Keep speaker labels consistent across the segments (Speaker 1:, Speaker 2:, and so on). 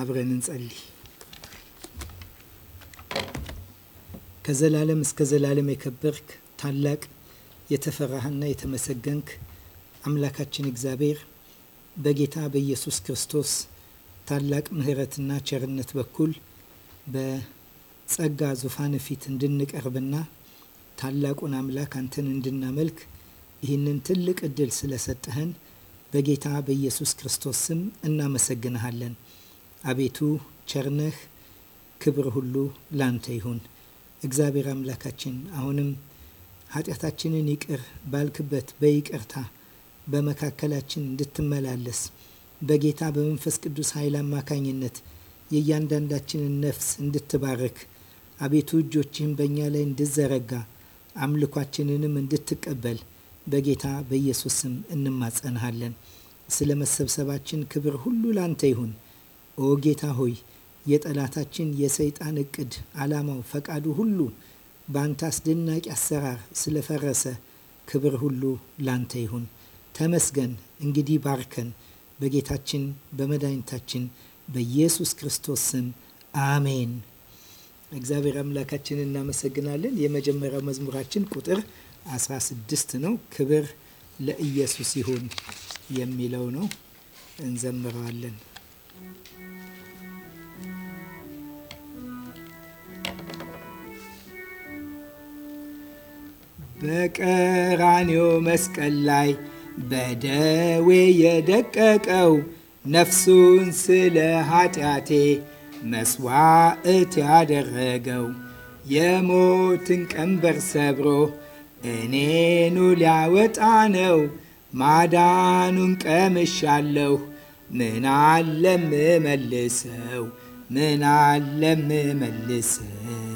Speaker 1: አብረን እንጸልይ። ከዘላለም እስከ ዘላለም የከበርክ ታላቅ የተፈራህና የተመሰገንክ አምላካችን እግዚአብሔር በጌታ በኢየሱስ ክርስቶስ ታላቅ ምሕረትና ቸርነት በኩል በጸጋ ዙፋን ፊት እንድንቀርብና ታላቁን አምላክ አንተን እንድናመልክ ይህንን ትልቅ እድል ስለሰጠህን በጌታ በኢየሱስ ክርስቶስ ስም እናመሰግንሃለን። አቤቱ ቸርነህ ክብር ሁሉ ላንተ ይሁን። እግዚአብሔር አምላካችን አሁንም ኃጢአታችንን ይቅር ባልክበት በይቅርታ በመካከላችን እንድትመላለስ በጌታ በመንፈስ ቅዱስ ኃይል አማካኝነት የእያንዳንዳችንን ነፍስ እንድትባርክ አቤቱ እጆችህን በእኛ ላይ እንድዘረጋ አምልኳችንንም እንድትቀበል በጌታ በኢየሱስ ስም እንማጸንሃለን። ስለ መሰብሰባችን ክብር ሁሉ ላንተ ይሁን። ኦ ጌታ ሆይ የጠላታችን የሰይጣን እቅድ፣ ዓላማው፣ ፈቃዱ ሁሉ በአንተ አስደናቂ አሰራር ስለፈረሰ ክብር ሁሉ ላንተ ይሁን። ተመስገን። እንግዲህ ባርከን። በጌታችን በመድኃኒታችን በኢየሱስ ክርስቶስ ስም አሜን። እግዚአብሔር አምላካችንን እናመሰግናለን። የመጀመሪያው መዝሙራችን ቁጥር 16 ነው። ክብር ለኢየሱስ ይሁን የሚለው ነው። እንዘምረዋለን። በቀራንዮ መስቀል ላይ በደዌ የደቀቀው ነፍሱን ስለ ኃጢአቴ መስዋዕት ያደረገው የሞትን ቀንበር ሰብሮ እኔኑ ሊያወጣ ነው። ማዳኑን ቀምሻለሁ። ምናለም መልሰው ምናለም መልሰው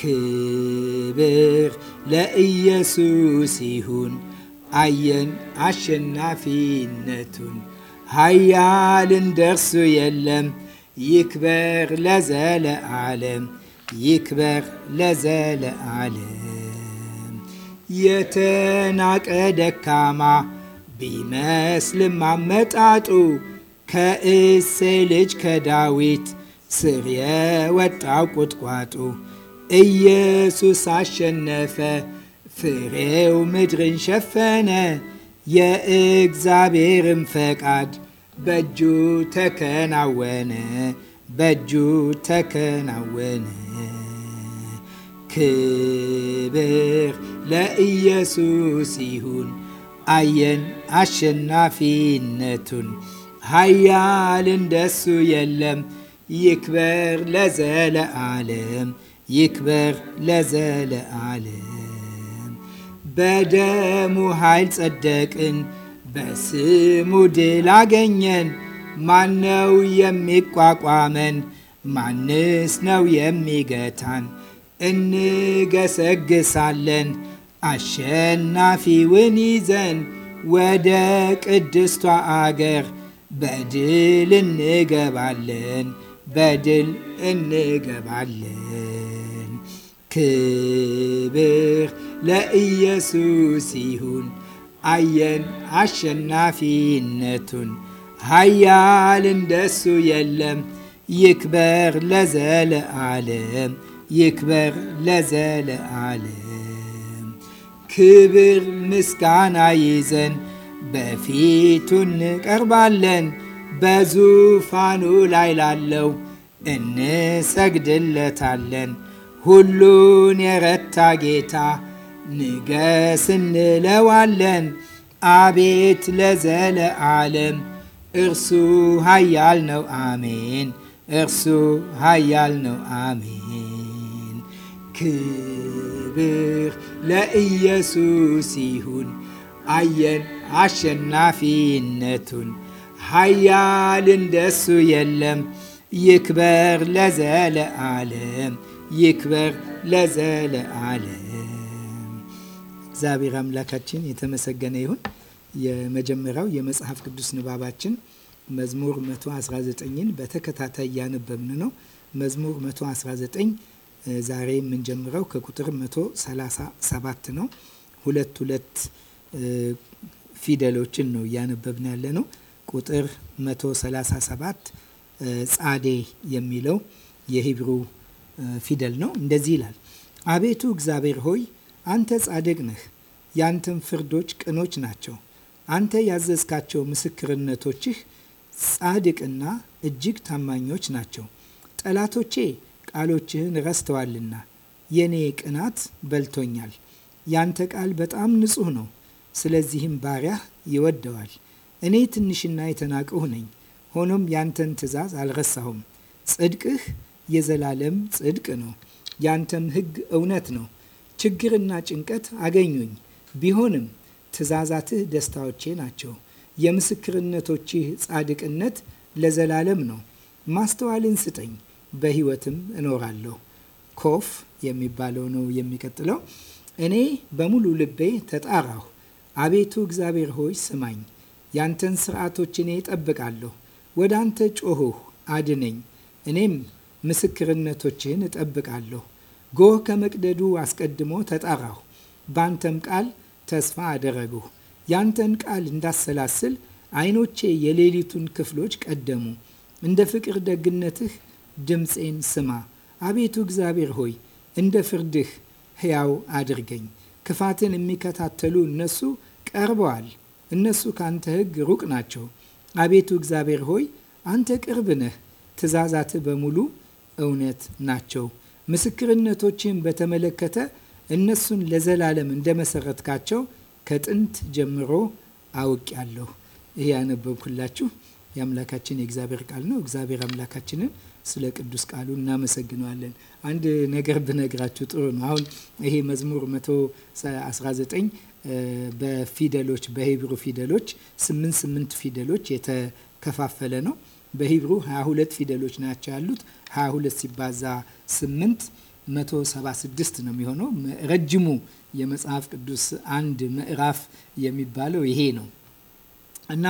Speaker 1: ክብር ለኢየሱስ ይሁን። አየን አሸናፊነቱን፣ ኃያል እንደርሱ የለም። ይክበር ለዘለዓለም፣ ይክበር ለዘለዓለም። የተናቀ ደካማ ቢመስልም አመጣጡ ከእሴ ልጅ ከዳዊት ስር የወጣው ቁጥቋጦ። ኢየሱስ አሸነፈ፣ ፍሬው ምድርን ሸፈነ፣ የእግዚአብሔርን ፈቃድ በእጁ ተከናወነ፣ በእጁ ተከናወነ። ክብር ለኢየሱስ ይሁን። አየን አሸናፊነቱን፣ ኃያል እንደሱ የለም። ይክበር ለዘለዓለም ይክበር ለዘለዓለም። በደሙ ኃይል ጸደቅን፣ በስሙ ድል አገኘን። ማነው የሚቋቋመን? ማንስ ነው የሚገታን? እንገሰግሳለን አሸናፊውን ይዘን ወደ ቅድስቷ አገር በድል እንገባለን፣ በድል እንገባለን። ክብር ለኢየሱስ ይሁን። አየን አሸናፊነቱን ኃያል እንደሱ የለም። ይክበር ለዘለ ዓለም ይክበር ለዘለ ዓለም ክብር ምስጋና ይዘን በፊቱ እንቀርባለን። በዙፋኑ ላይ ላለው እንሰግድለታለን። ሁሉን የረታ ጌታ ንገስ እንለዋለን። አቤት ለዘለ ዓለም እርሱ ኃያል ነው አሜን። እርሱ ኃያል ነው አሜን። ክብር ለኢየሱስ ይሁን። አየን አሸናፊነቱን ኃያል እንደሱ የለም። ይክበር ለዘለ ዓለም ይክበር ለዘለዓለም። እግዚአብሔር አምላካችን የተመሰገነ ይሁን። የመጀመሪያው የመጽሐፍ ቅዱስ ንባባችን መዝሙር 119ን በተከታታይ እያነበብን ነው። መዝሙር 119 ዛሬ የምንጀምረው ከቁጥር 137 ነው። ሁለት ሁለት ፊደሎችን ነው እያነበብን ያለ ነው። ቁጥር 137 ጻዴ የሚለው የሂብሩ ፊደል ነው። እንደዚህ ይላል፣ አቤቱ እግዚአብሔር ሆይ አንተ ጻድቅ ነህ፣ ያንተም ፍርዶች ቅኖች ናቸው። አንተ ያዘዝካቸው ምስክርነቶችህ ጻድቅና እጅግ ታማኞች ናቸው። ጠላቶቼ ቃሎችህን ረስተዋልና የኔ ቅናት በልቶኛል። ያንተ ቃል በጣም ንጹሕ ነው፣ ስለዚህም ባሪያህ ይወደዋል። እኔ ትንሽና የተናቅሁ ነኝ፣ ሆኖም ያንተን ትእዛዝ አልረሳሁም። ጽድቅህ የዘላለም ጽድቅ ነው። ያንተም ሕግ እውነት ነው። ችግርና ጭንቀት አገኙኝ፣ ቢሆንም ትእዛዛትህ ደስታዎቼ ናቸው። የምስክርነቶችህ ጻድቅነት ለዘላለም ነው። ማስተዋልን ስጠኝ፣ በሕይወትም እኖራለሁ። ኮፍ የሚባለው ነው የሚቀጥለው። እኔ በሙሉ ልቤ ተጣራሁ። አቤቱ እግዚአብሔር ሆይ ስማኝ። ያንተን ስርዓቶች እኔ እጠብቃለሁ። ወደ አንተ ጮኽሁ፣ አድነኝ እኔም ምስክርነቶችን እጠብቃለሁ። ጎህ ከመቅደዱ አስቀድሞ ተጣራሁ፣ በአንተም ቃል ተስፋ አደረግሁ። ያንተን ቃል እንዳሰላስል ዓይኖቼ የሌሊቱን ክፍሎች ቀደሙ። እንደ ፍቅር ደግነትህ ድምፄን ስማ። አቤቱ እግዚአብሔር ሆይ እንደ ፍርድህ ሕያው አድርገኝ። ክፋትን የሚከታተሉ እነሱ ቀርበዋል፣ እነሱ ካንተ ሕግ ሩቅ ናቸው። አቤቱ እግዚአብሔር ሆይ አንተ ቅርብ ነህ፣ ትእዛዛትህ በሙሉ እውነት ናቸው። ምስክርነቶችን በተመለከተ እነሱን ለዘላለም እንደመሰረትካቸው ከጥንት ጀምሮ አውቄያለሁ። ይህ ያነበብኩላችሁ የአምላካችን የእግዚአብሔር ቃል ነው። እግዚአብሔር አምላካችንን ስለ ቅዱስ ቃሉ እናመሰግነዋለን። አንድ ነገር ብነግራችሁ ጥሩ ነው። አሁን ይሄ መዝሙር 119 በፊደሎች በሂብሩ ፊደሎች ስምንት ስምንት ፊደሎች የተከፋፈለ ነው። በሂብሩ 22 ፊደሎች ናቸው ያሉት። 22 ሲባዛ 8 176 ነው የሚሆነው። ረጅሙ የመጽሐፍ ቅዱስ አንድ ምዕራፍ የሚባለው ይሄ ነው እና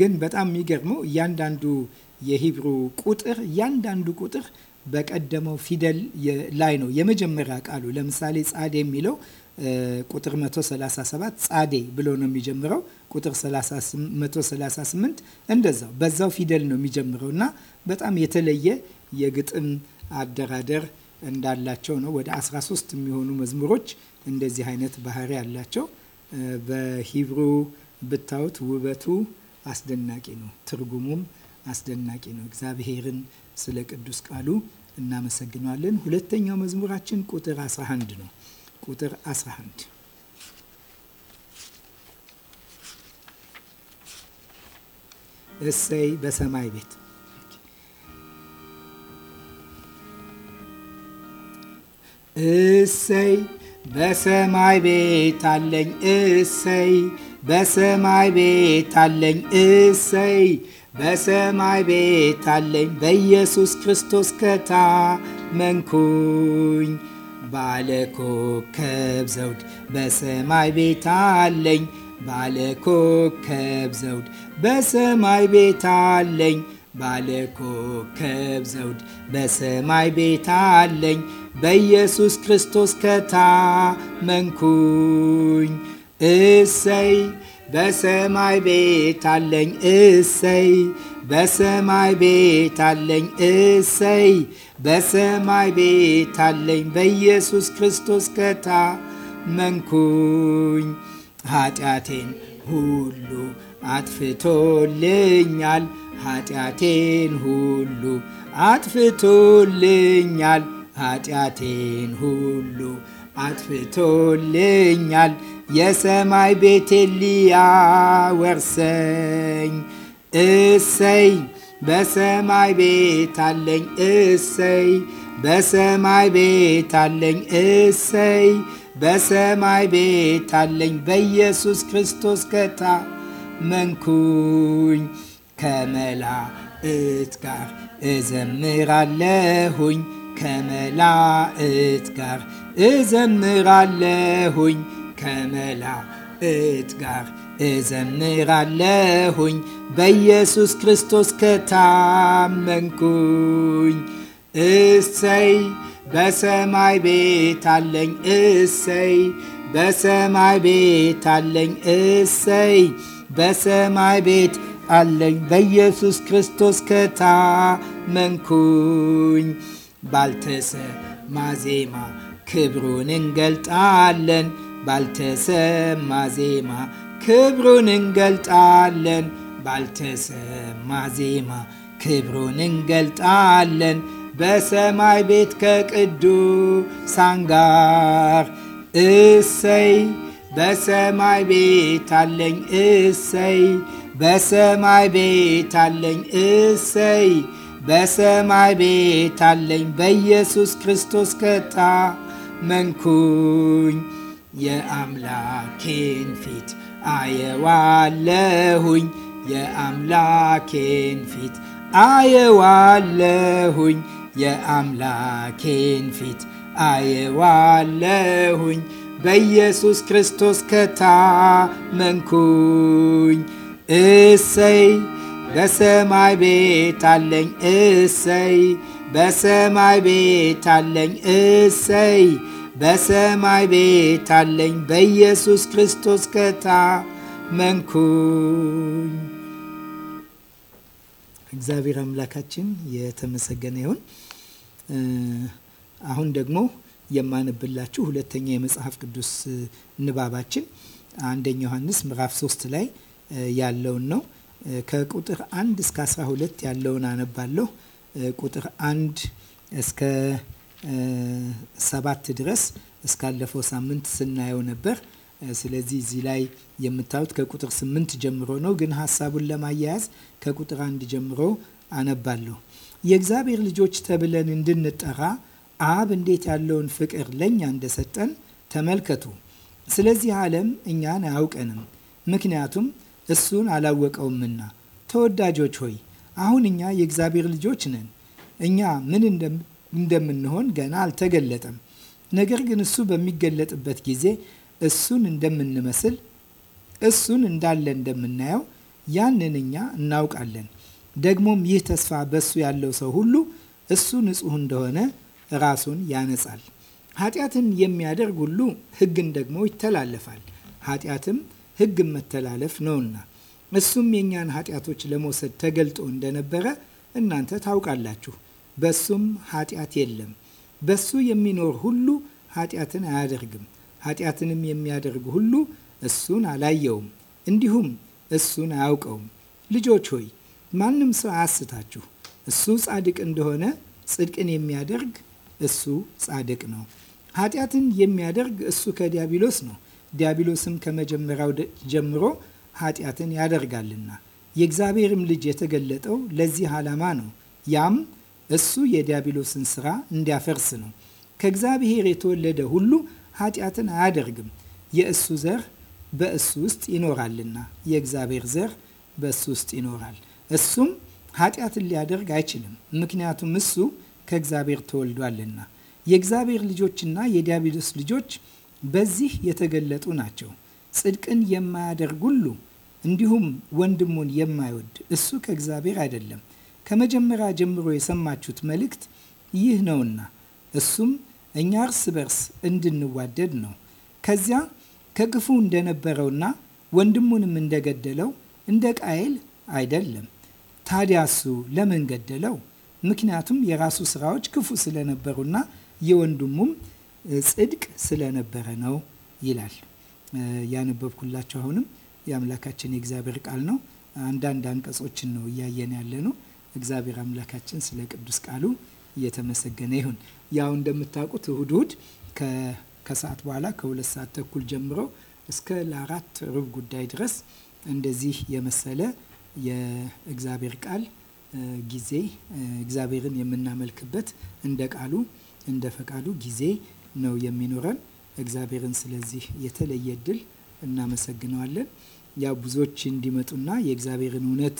Speaker 1: ግን በጣም የሚገርመው እያንዳንዱ የሂብሩ ቁጥር እያንዳንዱ ቁጥር በቀደመው ፊደል ላይ ነው የመጀመሪያ ቃሉ። ለምሳሌ ጻዴ የሚለው ቁጥር 137 ጻዴ ብሎ ነው የሚጀምረው። ቁጥር 138 እንደዛው በዛው ፊደል ነው የሚጀምረው እና በጣም የተለየ የግጥም አደራደር እንዳላቸው ነው። ወደ 13 የሚሆኑ መዝሙሮች እንደዚህ አይነት ባህሪ ያላቸው። በሂብሩ ብታዩት ውበቱ አስደናቂ ነው፣ ትርጉሙም አስደናቂ ነው። እግዚአብሔርን ስለ ቅዱስ ቃሉ እናመሰግነዋለን። ሁለተኛው መዝሙራችን ቁጥር 11 ነው። ቁጥር 11 እሰይ በሰማይ ቤት እሰይ በሰማይ ቤት አለኝ እሰይ በሰማይ ቤት አለኝ እሰይ በሰማይ ቤት አለኝ በኢየሱስ ክርስቶስ ከታመንኩኝ ባለኮከብ ዘውድ በሰማይ ቤት አለኝ ባለኮከብ ዘውድ በሰማይ ቤት አለኝ ባለ ዘውድ በሰማይ ቤት አለኝ በኢየሱስ ክርስቶስ ከታመንኩኝ እሰይ በሰማይ ቤት አለኝ እሰይ በሰማይ ቤት አለኝ እሰይ በሰማይ ቤት አለኝ በኢየሱስ ክርስቶስ ከታመንኩኝ ኃጢአቴን ሁሉ አጥፍቶልኛል ኃጢአቴን ሁሉ አጥፍቶልኛል ኃጢአቴን ሁሉ አጥፍቶልኛል የሰማይ ቤቴ ሊያወርሰኝ እሰይ በሰማይ ቤት አለኝ እሰይ በሰማይ ቤት አለኝ እሰይ በሰማይ ቤት አለኝ በኢየሱስ ክርስቶስ ከታመንኩኝ ከመላእክት ጋር እዘምራለሁኝ ከመላእክት ጋር እዘምራለሁኝ ከመላእክት ጋር እዘምራለሁኝ በኢየሱስ ክርስቶስ ከታመንኩኝ። እሰይ በሰማይ ቤት አለኝ እሰይ በሰማይ ቤት አለኝ እሰይ በሰማይ ቤት አለኝ በኢየሱስ ክርስቶስ ከታመንኩኝ። ባልተሰማ ዜማ ክብሩን እንገልጣለን ባልተሰማ ዜማ ክብሩን እንገልጣለን ባልተሰማ ዜማ ክብሩን እንገልጣለን በሰማይ ቤት ከቅዱሳን ጋር እሰይ በሰማይ ቤት አለኝ እሰይ በሰማይ ቤት አለኝ እሰይ በሰማይ ቤት አለኝ በኢየሱስ ክርስቶስ መንኩኝ የአምላኬን ፊት አየዋለሁኝ የአምላኬን ፊት አየዋለሁኝ የአምላኬን ፊት አየዋለሁኝ በኢየሱስ ክርስቶስ ከታመንኩኝ። እሰይ በሰማይ ቤት አለኝ እሰይ በሰማይ ቤት አለኝ እሰይ በሰማይ ቤት አለኝ በኢየሱስ ክርስቶስ ከታመንኩኝ። እግዚአብሔር አምላካችን የተመሰገነ ይሁን። አሁን ደግሞ የማነብላችሁ ሁለተኛ የመጽሐፍ ቅዱስ ንባባችን አንደኛ ዮሐንስ ምዕራፍ 3 ላይ ያለውን ነው። ከቁጥር 1 እስከ 12 ያለውን አነባለሁ። ቁጥር 1 እስከ ሰባት ድረስ እስካለፈው ሳምንት ስናየው ነበር። ስለዚህ እዚህ ላይ የምታዩት ከቁጥር ስምንት ጀምሮ ነው፣ ግን ሀሳቡን ለማያያዝ ከቁጥር አንድ ጀምሮ አነባለሁ። የእግዚአብሔር ልጆች ተብለን እንድንጠራ አብ እንዴት ያለውን ፍቅር ለእኛ እንደሰጠን ተመልከቱ። ስለዚህ ዓለም እኛን አያውቀንም፣ ምክንያቱም እሱን አላወቀውምና። ተወዳጆች ሆይ አሁን እኛ የእግዚአብሔር ልጆች ነን። እኛ ምን እንደምንሆን ገና አልተገለጠም። ነገር ግን እሱ በሚገለጥበት ጊዜ እሱን እንደምንመስል እሱን እንዳለ እንደምናየው ያንን እኛ እናውቃለን። ደግሞም ይህ ተስፋ በእሱ ያለው ሰው ሁሉ እሱ ንጹሕ እንደሆነ ራሱን ያነጻል። ኃጢአትን የሚያደርግ ሁሉ ሕግን ደግሞ ይተላለፋል። ኃጢአትም ሕግን መተላለፍ ነውና እሱም የእኛን ኃጢአቶች ለመውሰድ ተገልጦ እንደነበረ እናንተ ታውቃላችሁ። በሱም ኃጢአት የለም። በሱ የሚኖር ሁሉ ኃጢአትን አያደርግም። ኃጢአትንም የሚያደርግ ሁሉ እሱን አላየውም፣ እንዲሁም እሱን አያውቀውም። ልጆች ሆይ ማንም ሰው አያስታችሁ። እሱ ጻድቅ እንደሆነ ጽድቅን የሚያደርግ እሱ ጻድቅ ነው። ኃጢአትን የሚያደርግ እሱ ከዲያብሎስ ነው። ዲያብሎስም ከመጀመሪያው ጀምሮ ኃጢአትን ያደርጋልና የእግዚአብሔርም ልጅ የተገለጠው ለዚህ ዓላማ ነው ያም እሱ የዲያብሎስን ስራ እንዲያፈርስ ነው። ከእግዚአብሔር የተወለደ ሁሉ ኃጢአትን አያደርግም፣ የእሱ ዘር በእሱ ውስጥ ይኖራልና የእግዚአብሔር ዘር በእሱ ውስጥ ይኖራል። እሱም ኃጢአትን ሊያደርግ አይችልም፣ ምክንያቱም እሱ ከእግዚአብሔር ተወልዷልና። የእግዚአብሔር ልጆችና የዲያብሎስ ልጆች በዚህ የተገለጡ ናቸው። ጽድቅን የማያደርግ ሁሉ እንዲሁም ወንድሙን የማይወድ እሱ ከእግዚአብሔር አይደለም ከመጀመሪያ ጀምሮ የሰማችሁት መልእክት ይህ ነውና እሱም እኛ እርስ በርስ እንድንዋደድ ነው። ከዚያ ከክፉ እንደነበረውና ወንድሙንም እንደገደለው እንደ ቃየል አይደለም። ታዲያ እሱ ለምን ገደለው? ምክንያቱም የራሱ ስራዎች ክፉ ስለነበሩና የወንድሙም ጽድቅ ስለነበረ ነው ይላል። ያነበብኩላቸው አሁንም የአምላካችን የእግዚአብሔር ቃል ነው። አንዳንድ አንቀጾችን ነው እያየን ያለ ነው። እግዚአብሔር አምላካችን ስለ ቅዱስ ቃሉ እየተመሰገነ ይሁን። ያው እንደምታውቁት እሁድ እሁድ ከሰዓት በኋላ ከሁለት ሰዓት ተኩል ጀምሮ እስከ ለአራት ሩብ ጉዳይ ድረስ እንደዚህ የመሰለ የእግዚአብሔር ቃል ጊዜ እግዚአብሔርን የምናመልክበት እንደ ቃሉ እንደ ፈቃዱ ጊዜ ነው የሚኖረን። እግዚአብሔርን ስለዚህ የተለየ እድል እናመሰግነዋለን። ያ ብዙዎች እንዲመጡና የእግዚአብሔርን እውነት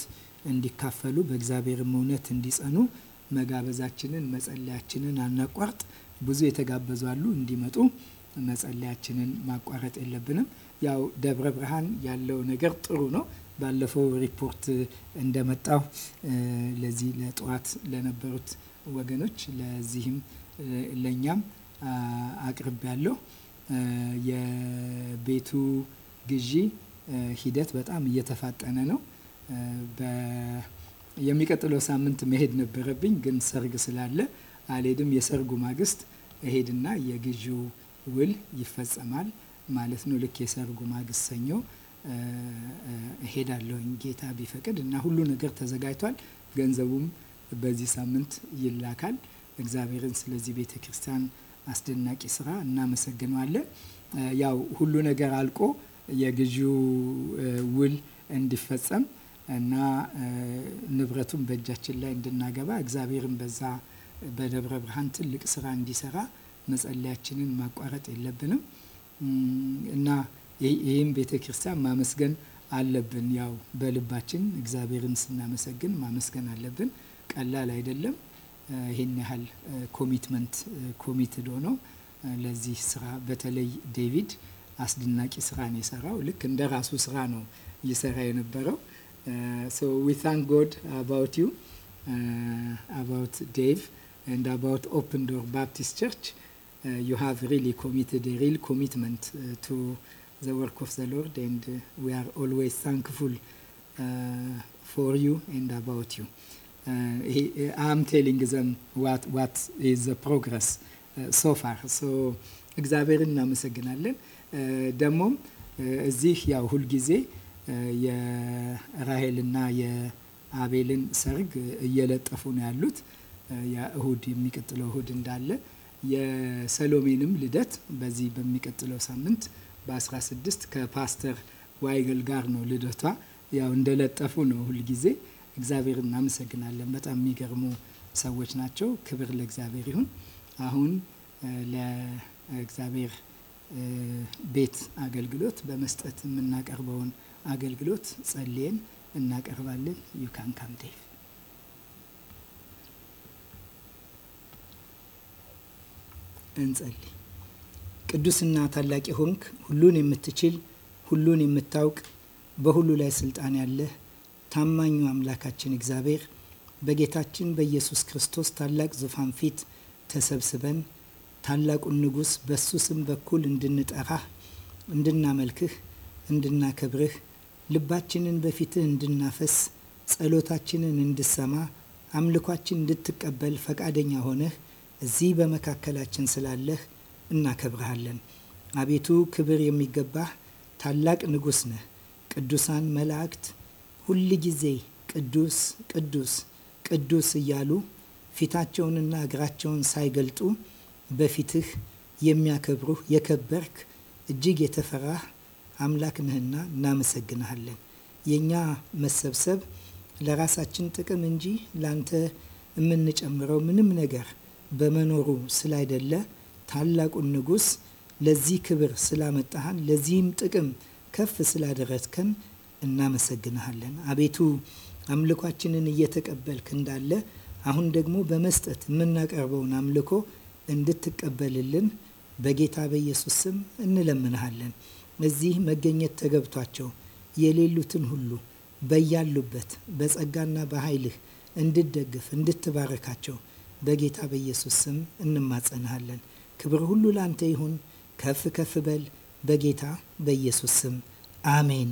Speaker 1: እንዲካፈሉ በእግዚአብሔርም እውነት እንዲጸኑ መጋበዛችንን መጸለያችንን አናቋርጥ። ብዙ የተጋበዙ አሉ እንዲመጡ መጸለያችንን ማቋረጥ የለብንም። ያው ደብረ ብርሃን ያለው ነገር ጥሩ ነው። ባለፈው ሪፖርት እንደመጣው ለዚህ ለጠዋት ለነበሩት ወገኖች ለዚህም ለእኛም አቅርብ ያለው የቤቱ ግዢ ሂደት በጣም እየተፋጠነ ነው። የሚቀጥለው ሳምንት መሄድ ነበረብኝ፣ ግን ሰርግ ስላለ አልሄድም። የሰርጉ ማግስት እሄድና የግዢው ውል ይፈጸማል ማለት ነው። ልክ የሰርጉ ማግስት ሰኞ እሄዳለሁኝ ጌታ ቢፈቅድ እና ሁሉ ነገር ተዘጋጅቷል። ገንዘቡም በዚህ ሳምንት ይላካል። እግዚአብሔርን ስለዚህ ቤተ ክርስቲያን አስደናቂ ስራ እናመሰግነዋለን። ያው ሁሉ ነገር አልቆ የግዢው ውል እንዲፈጸም እና ንብረቱን በእጃችን ላይ እንድናገባ እግዚአብሔርን በዛ በደብረ ብርሃን ትልቅ ስራ እንዲሰራ መጸለያችንን ማቋረጥ የለብንም እና ይህም ቤተ ክርስቲያን ማመስገን አለብን። ያው በልባችን እግዚአብሔርን ስናመሰግን ማመስገን አለብን። ቀላል አይደለም። ይህን ያህል ኮሚትመንት ኮሚትድ ሆነው ለዚህ ስራ በተለይ ዴቪድ አስደናቂ ስራ ነው የሰራው። ልክ እንደ ራሱ ስራ ነው እየሰራ የነበረው Uh, so we thank God about you, uh, about Dave, and about Open Door Baptist Church. Uh, you have really committed a real commitment to the work of the Lord, and we are always thankful for you and about you. Uh, he, I'm telling them what, what is the progress uh, so far. So እግዚአብሔርን እናመሰግናለን። ደግሞም እዚህ ያው ሁልጊዜ የራሄልና የአቤልን ሰርግ እየለጠፉ ነው ያሉት። እሁድ የሚቀጥለው እሁድ እንዳለ የሰሎሜንም ልደት በዚህ በሚቀጥለው ሳምንት በ16 ከፓስተር ዋይገል ጋር ነው ልደቷ። ያው እንደለጠፉ ነው ሁልጊዜ። እግዚአብሔር እናመሰግናለን። በጣም የሚገርሙ ሰዎች ናቸው። ክብር ለእግዚአብሔር ይሁን። አሁን ለእግዚአብሔር ቤት አገልግሎት በመስጠት የምናቀርበውን አገልግሎት ጸልየን እናቀርባለን። ዩካን ካምቴ እንጸልይ። ቅዱስና ታላቅ ሆንክ፣ ሁሉን የምትችል ሁሉን የምታውቅ በሁሉ ላይ ስልጣን ያለህ ታማኙ አምላካችን እግዚአብሔር በጌታችን በኢየሱስ ክርስቶስ ታላቅ ዙፋን ፊት ተሰብስበን ታላቁን ንጉሥ በሱ ስም በኩል እንድንጠራህ፣ እንድናመልክህ፣ እንድናከብርህ ልባችንን በፊትህ እንድናፈስ ጸሎታችንን እንድሰማ አምልኳችን እንድትቀበል ፈቃደኛ ሆነህ እዚህ በመካከላችን ስላለህ እናከብረሃለን። አቤቱ ክብር የሚገባህ ታላቅ ንጉሥ ነህ። ቅዱሳን መላእክት ሁል ጊዜ ቅዱስ ቅዱስ ቅዱስ እያሉ ፊታቸውንና እግራቸውን ሳይገልጡ በፊትህ የሚያከብሩህ የከበርክ እጅግ የተፈራህ አምላክ ነህና እናመሰግንሃለን። የእኛ መሰብሰብ ለራሳችን ጥቅም እንጂ ላንተ የምንጨምረው ምንም ነገር በመኖሩ ስላይደለ ታላቁን ንጉሥ ለዚህ ክብር ስላመጣህን ለዚህም ጥቅም ከፍ ስላደረስከን እናመሰግንሃለን። አቤቱ አምልኳችንን እየተቀበልክ እንዳለ አሁን ደግሞ በመስጠት የምናቀርበውን አምልኮ እንድትቀበልልን በጌታ በኢየሱስ ስም እንለምንሃለን። እዚህ መገኘት ተገብቷቸው የሌሉትን ሁሉ በያሉበት በጸጋና በኃይልህ እንድደግፍ እንድትባረካቸው በጌታ በኢየሱስ ስም እንማጸንሃለን። ክብር ሁሉ ላንተ ይሁን። ከፍ ከፍ በል በጌታ በኢየሱስ ስም አሜን።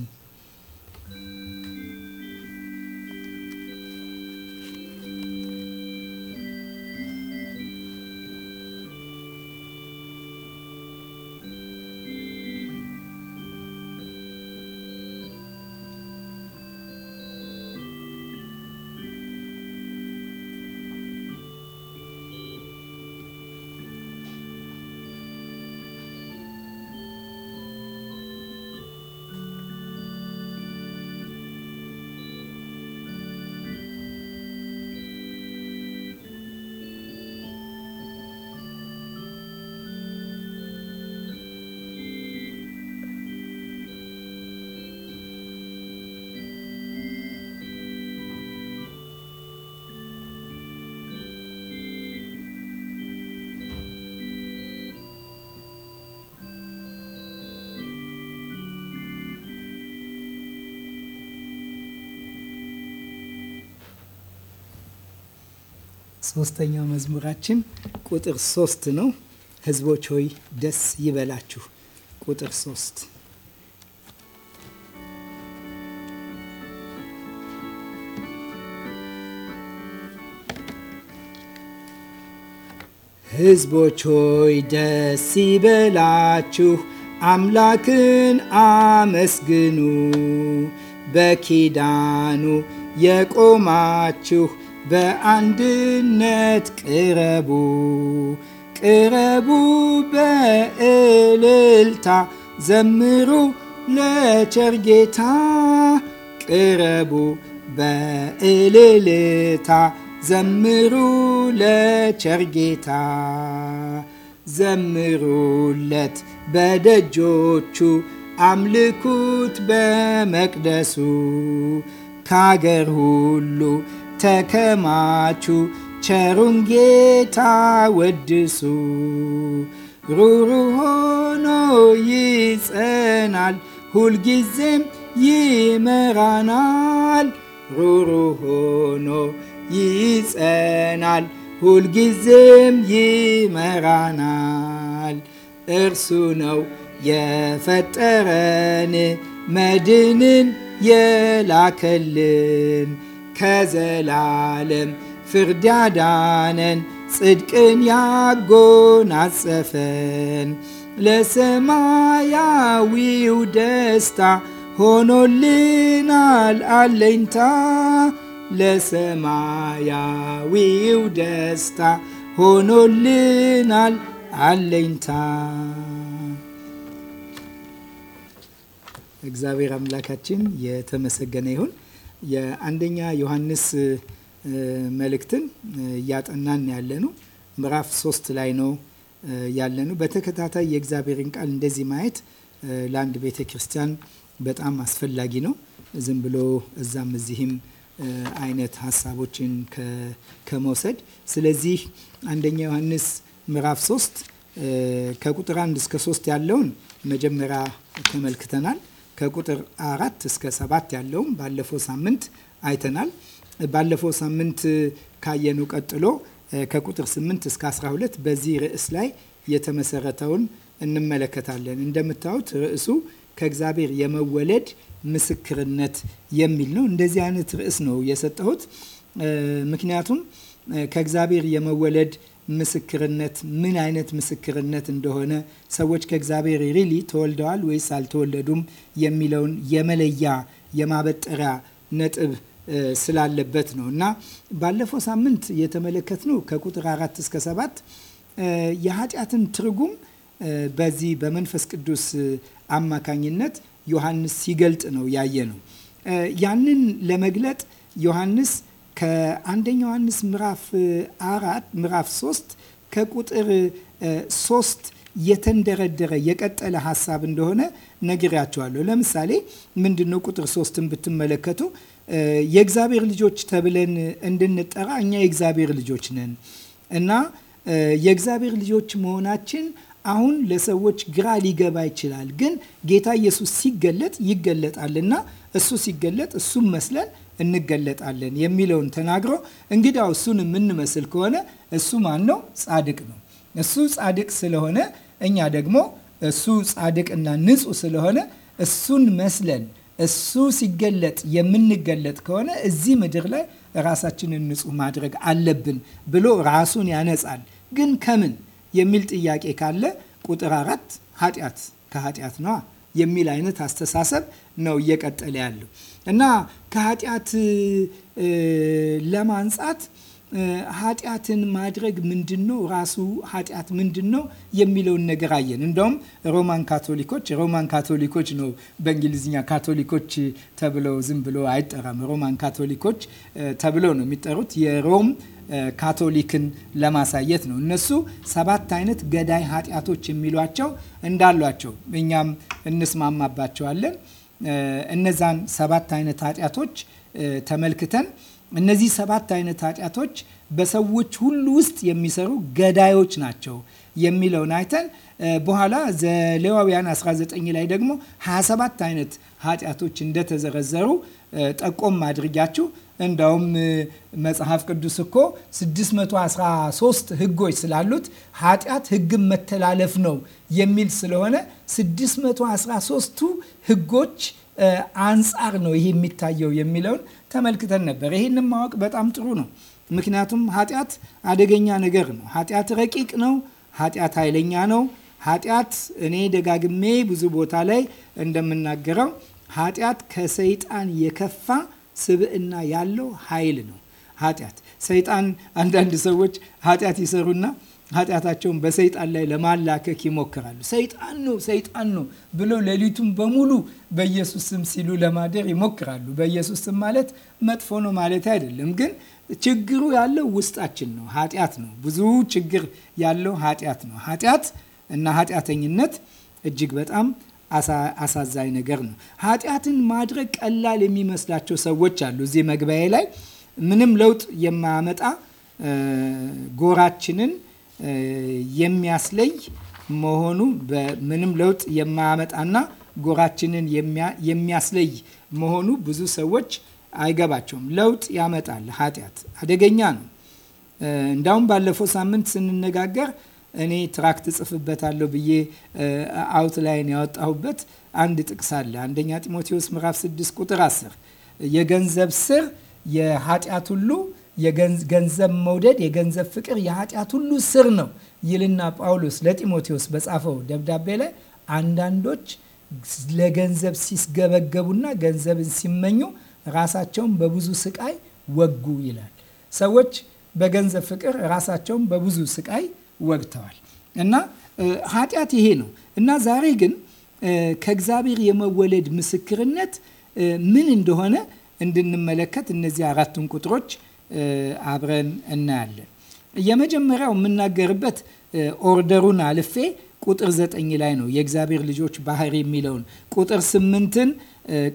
Speaker 1: ሶስተኛው መዝሙራችን ቁጥር ሶስት ነው። ህዝቦች ሆይ ደስ ይበላችሁ። ቁጥር ሶስት ህዝቦች ሆይ ደስ ይበላችሁ፣ አምላክን አመስግኑ፣ በኪዳኑ የቆማችሁ በአንድነት ቅረቡ ቅረቡ በእልልታ ዘምሩ ለቸርጌታ ቅረቡ በእልልታ ዘምሩ ለቸርጌታ ዘምሩለት በደጆቹ አምልኩት በመቅደሱ ካገር ሁሉ ተከማቹ፣ ቸሩን ጌታ ወድሱ። ሩሩ ሆኖ ይጸናል፣ ሁልጊዜም ይመራናል። ሩሩ ሆኖ ይጸናል፣ ሁልጊዜም ይመራናል። እርሱ ነው የፈጠረን መድንን የላከልን ከዘላለም ፍርድ ያዳነን ጽድቅን ያጎናጸፈን ለሰማያዊው ደስታ ሆኖልናል አለኝታ ለሰማያዊው ደስታ ሆኖልናል አለኝታ። እግዚአብሔር አምላካችን የተመሰገነ ይሁን። የአንደኛ ዮሐንስ መልእክትን እያጠናን ያለነው ምዕራፍ ሶስት ላይ ነው ያለነው። በተከታታይ የእግዚአብሔርን ቃል እንደዚህ ማየት ለአንድ ቤተ ክርስቲያን በጣም አስፈላጊ ነው። ዝም ብሎ እዛም እዚህም አይነት ሀሳቦችን ከመውሰድ ስለዚህ አንደኛ ዮሐንስ ምዕራፍ ሶስት ከቁጥር አንድ እስከ ሶስት ያለውን መጀመሪያ ተመልክተናል። ከቁጥር አራት እስከ ሰባት ያለውም ባለፈው ሳምንት አይተናል። ባለፈው ሳምንት ካየኑ ቀጥሎ ከቁጥር 8 እስከ 12 በዚህ ርዕስ ላይ የተመሰረተውን እንመለከታለን። እንደምታዩት ርዕሱ ከእግዚአብሔር የመወለድ ምስክርነት የሚል ነው። እንደዚህ አይነት ርዕስ ነው የሰጠሁት። ምክንያቱም ከእግዚአብሔር የመወለድ ምስክርነት ምን አይነት ምስክርነት እንደሆነ ሰዎች ከእግዚአብሔር ሪሊ ተወልደዋል ወይስ አልተወለዱም የሚለውን የመለያ የማበጠሪያ ነጥብ ስላለበት ነው እና ባለፈው ሳምንት የተመለከትነው ከቁጥር አራት እስከ ሰባት የኃጢአትን ትርጉም በዚህ በመንፈስ ቅዱስ አማካኝነት ዮሐንስ ሲገልጥ ነው ያየ ነው። ያንን ለመግለጥ ዮሐንስ ከአንደኛ ዮሐንስ ምዕራፍ አራት ምዕራፍ ሶስት ከቁጥር ሶስት የተንደረደረ የቀጠለ ሀሳብ እንደሆነ ነግሬያቸዋለሁ። ለምሳሌ ምንድነው ቁጥር ሶስትን ብትመለከቱ የእግዚአብሔር ልጆች ተብለን እንድንጠራ እኛ የእግዚአብሔር ልጆች ነን እና የእግዚአብሔር ልጆች መሆናችን አሁን ለሰዎች ግራ ሊገባ ይችላል። ግን ጌታ ኢየሱስ ሲገለጥ ይገለጣልና እሱ ሲገለጥ እሱም መስለን እንገለጣለን የሚለውን ተናግሮ እንግዲ እሱን የምንመስል ከሆነ እሱ ማን ነው? ጻድቅ ነው። እሱ ጻድቅ ስለሆነ እኛ ደግሞ እሱ ጻድቅና ንጹህ ስለሆነ እሱን መስለን እሱ ሲገለጥ የምንገለጥ ከሆነ እዚህ ምድር ላይ ራሳችንን ንጹህ ማድረግ አለብን ብሎ ራሱን ያነጻል። ግን ከምን የሚል ጥያቄ ካለ ቁጥር አራት ኃጢአት ከኃጢአት ነዋ የሚል አይነት አስተሳሰብ ነው እየቀጠለ ያለው። እና ከኃጢአት ለማንጻት ኃጢአትን ማድረግ ምንድን ነው፣ ራሱ ኃጢአት ምንድን ነው የሚለውን ነገር አየን። እንደውም ሮማን ካቶሊኮች ሮማን ካቶሊኮች ነው በእንግሊዝኛ ካቶሊኮች ተብለው ዝም ብሎ አይጠራም። ሮማን ካቶሊኮች ተብለው ነው የሚጠሩት የሮም ካቶሊክን ለማሳየት ነው። እነሱ ሰባት አይነት ገዳይ ኃጢአቶች የሚሏቸው እንዳሏቸው እኛም እንስማማባቸዋለን። እነዛን ሰባት አይነት ኃጢአቶች ተመልክተን እነዚህ ሰባት አይነት ኃጢአቶች በሰዎች ሁሉ ውስጥ የሚሰሩ ገዳዮች ናቸው የሚለውን አይተን በኋላ ዘሌዋውያን 19 ላይ ደግሞ 27 አይነት ኃጢአቶች እንደተዘረዘሩ ጠቆም አድርጊያችሁ እንዳውም መጽሐፍ ቅዱስ እኮ 613 ህጎች ስላሉት ኃጢአት ህግን መተላለፍ ነው የሚል ስለሆነ 613ቱ ህጎች አንጻር ነው ይሄ የሚታየው የሚለውን ተመልክተን ነበር። ይህን ማወቅ በጣም ጥሩ ነው። ምክንያቱም ኃጢአት አደገኛ ነገር ነው። ኃጢአት ረቂቅ ነው። ኃጢአት ኃይለኛ ነው። ኃጢአት እኔ ደጋግሜ ብዙ ቦታ ላይ እንደምናገረው ኃጢአት ከሰይጣን የከፋ ስብዕና ያለው ኃይል ነው ኃጢአት። ሰይጣን አንዳንድ ሰዎች ኃጢአት ይሰሩና ኃጢአታቸውን በሰይጣን ላይ ለማላከክ ይሞክራሉ። ሰይጣን ነው ሰይጣን ነው ብለው ሌሊቱን በሙሉ በኢየሱስ ስም ሲሉ ለማደር ይሞክራሉ። በኢየሱስ ስም ማለት መጥፎ ነው ማለት አይደለም፣ ግን ችግሩ ያለው ውስጣችን ነው። ኃጢአት ነው። ብዙ ችግር ያለው ኃጢአት ነው። ኃጢአት እና ኃጢአተኝነት እጅግ በጣም አሳዛኝ ነገር ነው። ኃጢአትን ማድረግ ቀላል የሚመስላቸው ሰዎች አሉ። እዚህ መግቢያ ላይ ምንም ለውጥ የማያመጣ ጎራችንን የሚያስለይ መሆኑ ምንም ለውጥ የማያመጣና ጎራችንን የሚያስለይ መሆኑ ብዙ ሰዎች አይገባቸውም። ለውጥ ያመጣል። ኃጢአት አደገኛ ነው። እንዳውም ባለፈው ሳምንት ስንነጋገር እኔ ትራክት ጽፍበታለሁ ብዬ አውት ላይን ያወጣሁበት አንድ ጥቅስ አለ። አንደኛ ጢሞቴዎስ ምዕራፍ 6 ቁጥር 10 የገንዘብ ስር የኃጢአት ሁሉ የገንዘብ መውደድ የገንዘብ ፍቅር የኃጢአት ሁሉ ስር ነው ይልና ጳውሎስ ለጢሞቴዎስ በጻፈው ደብዳቤ ላይ አንዳንዶች ለገንዘብ ሲስገበገቡና ገንዘብን ሲመኙ ራሳቸውን በብዙ ስቃይ ወጉ ይላል። ሰዎች በገንዘብ ፍቅር ራሳቸውን በብዙ ስቃይ ወግተዋል። እና ኃጢአት ይሄ ነው እና ዛሬ ግን ከእግዚአብሔር የመወለድ ምስክርነት ምን እንደሆነ እንድንመለከት እነዚህ አራቱን ቁጥሮች አብረን እናያለን። የመጀመሪያው የምናገርበት ኦርደሩን አልፌ ቁጥር ዘጠኝ ላይ ነው የእግዚአብሔር ልጆች ባህሪ የሚለውን ቁጥር ስምንትን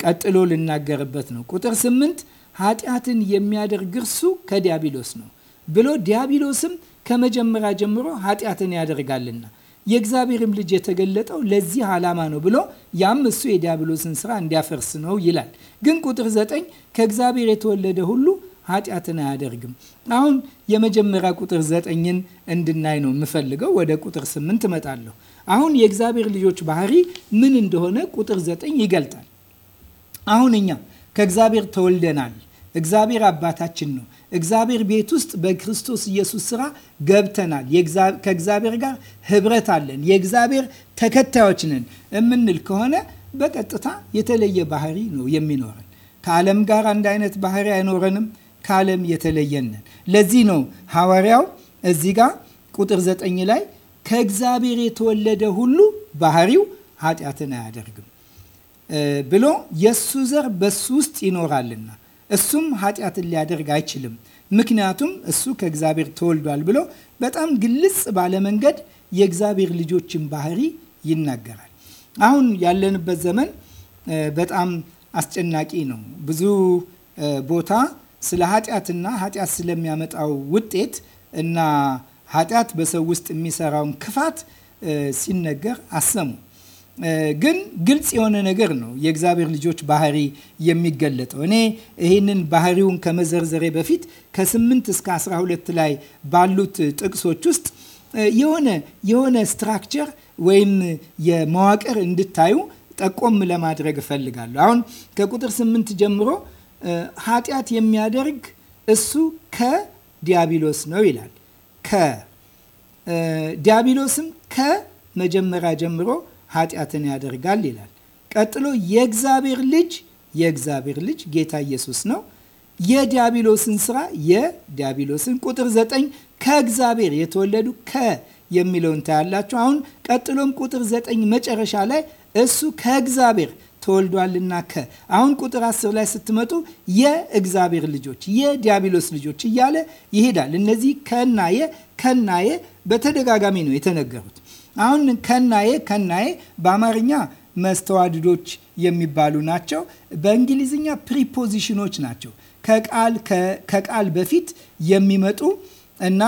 Speaker 1: ቀጥሎ ልናገርበት ነው። ቁጥር ስምንት ኃጢአትን የሚያደርግ እርሱ ከዲያብሎስ ነው ብሎ ዲያብሎስም ከመጀመሪያ ጀምሮ ኃጢአትን ያደርጋልና የእግዚአብሔርም ልጅ የተገለጠው ለዚህ ዓላማ ነው ብሎ ያም እሱ የዲያብሎስን ስራ እንዲያፈርስ ነው ይላል። ግን ቁጥር ዘጠኝ ከእግዚአብሔር የተወለደ ሁሉ ኃጢአትን አያደርግም። አሁን የመጀመሪያ ቁጥር ዘጠኝን እንድናይ ነው የምፈልገው። ወደ ቁጥር ስምንት እመጣለሁ። አሁን የእግዚአብሔር ልጆች ባህሪ ምን እንደሆነ ቁጥር ዘጠኝ ይገልጣል። አሁን እኛ ከእግዚአብሔር ተወልደናል። እግዚአብሔር አባታችን ነው። እግዚአብሔር ቤት ውስጥ በክርስቶስ ኢየሱስ ስራ ገብተናል። ከእግዚአብሔር ጋር ህብረት አለን። የእግዚአብሔር ተከታዮች ነን የምንል ከሆነ በቀጥታ የተለየ ባህሪ ነው የሚኖረን። ከዓለም ጋር አንድ አይነት ባህሪ አይኖረንም። ከዓለም የተለየነን። ለዚህ ነው ሐዋርያው እዚህ ጋር ቁጥር ዘጠኝ ላይ ከእግዚአብሔር የተወለደ ሁሉ ባህሪው ኃጢአትን አያደርግም ብሎ የእሱ ዘር በሱ ውስጥ ይኖራልና እሱም ኃጢአትን ሊያደርግ አይችልም፣ ምክንያቱም እሱ ከእግዚአብሔር ተወልዷል ብሎ በጣም ግልጽ ባለ መንገድ የእግዚአብሔር ልጆችን ባህሪ ይናገራል። አሁን ያለንበት ዘመን በጣም አስጨናቂ ነው። ብዙ ቦታ ስለ ኃጢአትና ኃጢአት ስለሚያመጣው ውጤት እና ኃጢአት በሰው ውስጥ የሚሰራውን ክፋት ሲነገር አሰሙ። ግን ግልጽ የሆነ ነገር ነው የእግዚአብሔር ልጆች ባህሪ የሚገለጠው። እኔ ይህንን ባህሪውን ከመዘርዘሬ በፊት ከ8 እስከ 12 ላይ ባሉት ጥቅሶች ውስጥ የሆነ የሆነ ስትራክቸር ወይም የመዋቅር እንድታዩ ጠቆም ለማድረግ እፈልጋለሁ። አሁን ከቁጥር 8 ጀምሮ ኃጢአት የሚያደርግ እሱ ከዲያብሎስ ነው ይላል። ከዲያብሎስም ከመጀመሪያ ጀምሮ ኃጢአትን ያደርጋል ይላል። ቀጥሎ የእግዚአብሔር ልጅ የእግዚአብሔር ልጅ ጌታ ኢየሱስ ነው የዲያብሎስን ስራ የዲያብሎስን ቁጥር ዘጠኝ ከእግዚአብሔር የተወለዱ ከ የሚለውን ታያላችሁ። አሁን ቀጥሎም ቁጥር ዘጠኝ መጨረሻ ላይ እሱ ከእግዚአብሔር ተወልዷልና ከ አሁን ቁጥር አስር ላይ ስትመጡ የእግዚአብሔር ልጆች የዲያብሎስ ልጆች እያለ ይሄዳል። እነዚህ ከናየ ከናየ በተደጋጋሚ ነው የተነገሩት። አሁን ከናዬ ከናዬ በአማርኛ መስተዋድዶች የሚባሉ ናቸው። በእንግሊዝኛ ፕሪፖዚሽኖች ናቸው። ከቃል ከቃል በፊት የሚመጡ እና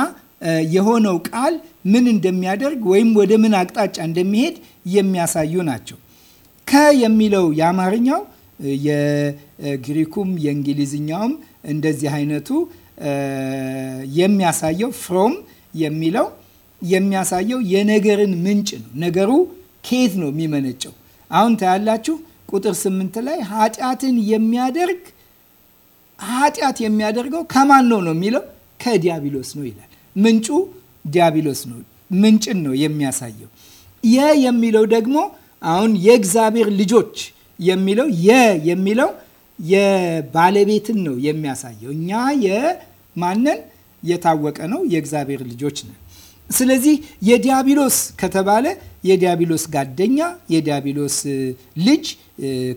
Speaker 1: የሆነው ቃል ምን እንደሚያደርግ ወይም ወደ ምን አቅጣጫ እንደሚሄድ የሚያሳዩ ናቸው። ከ የሚለው የአማርኛው የግሪኩም የእንግሊዝኛውም እንደዚህ አይነቱ የሚያሳየው ፍሮም የሚለው የሚያሳየው የነገርን ምንጭ ነው። ነገሩ ከየት ነው የሚመነጨው? አሁን ታያላችሁ ቁጥር ስምንት ላይ ኃጢአትን የሚያደርግ ኃጢአት የሚያደርገው ከማን ነው ነው የሚለው ከዲያብሎስ ነው ይላል። ምንጩ ዲያብሎስ ነው። ምንጭን ነው የሚያሳየው። የ የሚለው ደግሞ አሁን የእግዚአብሔር ልጆች የሚለው የ የሚለው የባለቤትን ነው የሚያሳየው። እኛ የማንን የታወቀ ነው የእግዚአብሔር ልጆች ነን። ስለዚህ የዲያብሎስ ከተባለ የዲያብሎስ ጓደኛ፣ የዲያብሎስ ልጅ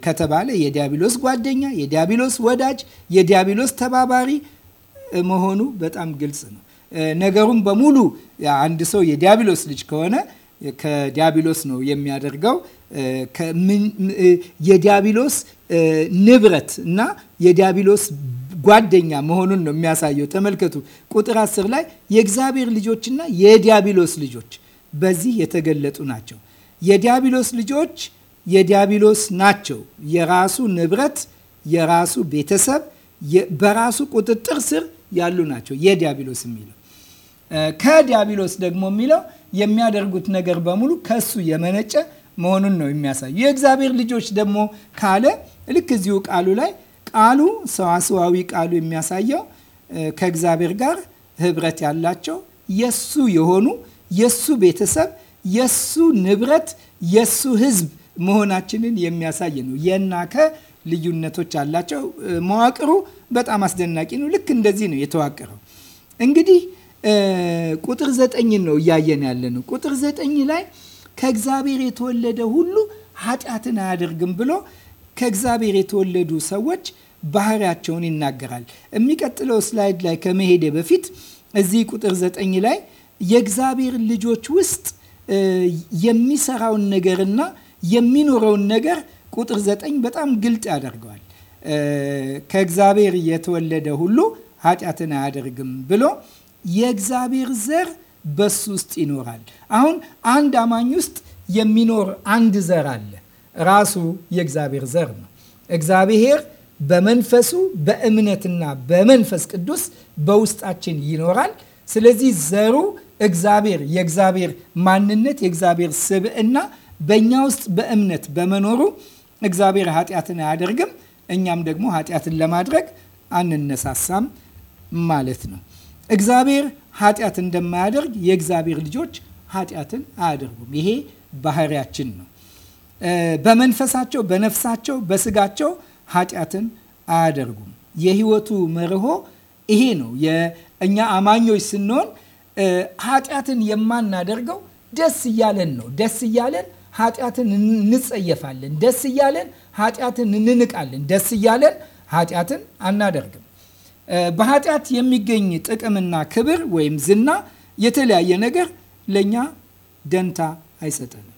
Speaker 1: ከተባለ የዲያብሎስ ጓደኛ፣ የዲያብሎስ ወዳጅ፣ የዲያብሎስ ተባባሪ መሆኑ በጣም ግልጽ ነው። ነገሩም በሙሉ አንድ ሰው የዲያብሎስ ልጅ ከሆነ ከዲያብሎስ ነው የሚያደርገው። የዲያብሎስ ንብረት እና የዲያብሎስ ጓደኛ መሆኑን ነው የሚያሳየው። ተመልከቱ ቁጥር አስር ላይ የእግዚአብሔር ልጆችና የዲያብሎስ ልጆች በዚህ የተገለጡ ናቸው። የዲያብሎስ ልጆች የዲያብሎስ ናቸው። የራሱ ንብረት፣ የራሱ ቤተሰብ፣ በራሱ ቁጥጥር ስር ያሉ ናቸው። የዲያብሎስ የሚለው ከዲያብሎስ ደግሞ የሚለው የሚያደርጉት ነገር በሙሉ ከሱ የመነጨ መሆኑን ነው የሚያሳዩ። የእግዚአብሔር ልጆች ደግሞ ካለ ልክ እዚሁ ቃሉ ላይ ቃሉ ሰዋስዋዊ ቃሉ የሚያሳየው ከእግዚአብሔር ጋር ህብረት ያላቸው የሱ የሆኑ የሱ ቤተሰብ፣ የሱ ንብረት፣ የሱ ህዝብ መሆናችንን የሚያሳይ ነው። የናከ ልዩነቶች አላቸው። መዋቅሩ በጣም አስደናቂ ነው። ልክ እንደዚህ ነው የተዋቀረው። እንግዲህ ቁጥር ዘጠኝን ነው እያየን ያለ ነው። ቁጥር ዘጠኝ ላይ ከእግዚአብሔር የተወለደ ሁሉ ኃጢአትን አያደርግም ብሎ ከእግዚአብሔር የተወለዱ ሰዎች ባህሪያቸውን ይናገራል። የሚቀጥለው ስላይድ ላይ ከመሄዴ በፊት እዚህ ቁጥር ዘጠኝ ላይ የእግዚአብሔር ልጆች ውስጥ የሚሰራውን ነገርና የሚኖረውን ነገር ቁጥር ዘጠኝ በጣም ግልጥ ያደርገዋል። ከእግዚአብሔር የተወለደ ሁሉ ኃጢአትን አያደርግም ብሎ የእግዚአብሔር ዘር በሱ ውስጥ ይኖራል። አሁን አንድ አማኝ ውስጥ የሚኖር አንድ ዘር አለ። ራሱ የእግዚአብሔር ዘር ነው። እግዚአብሔር በመንፈሱ በእምነትና በመንፈስ ቅዱስ በውስጣችን ይኖራል። ስለዚህ ዘሩ እግዚአብሔር የእግዚአብሔር ማንነት የእግዚአብሔር ስብዕና በእኛ ውስጥ በእምነት በመኖሩ እግዚአብሔር ኃጢአትን አያደርግም፣ እኛም ደግሞ ኃጢአትን ለማድረግ አንነሳሳም ማለት ነው። እግዚአብሔር ኃጢአት እንደማያደርግ የእግዚአብሔር ልጆች ኃጢአትን አያደርጉም። ይሄ ባህሪያችን ነው። በመንፈሳቸው፣ በነፍሳቸው፣ በስጋቸው ኃጢአትን አያደርጉም። የህይወቱ መርሆ ይሄ ነው። የእኛ አማኞች ስንሆን ኃጢአትን የማናደርገው ደስ እያለን ነው። ደስ እያለን ኃጢአትን እንጸየፋለን። ደስ እያለን ኃጢአትን እንንቃለን። ደስ እያለን ኃጢአትን አናደርግም። በኃጢአት የሚገኝ ጥቅምና ክብር ወይም ዝና የተለያየ ነገር ለእኛ ደንታ አይሰጠንም።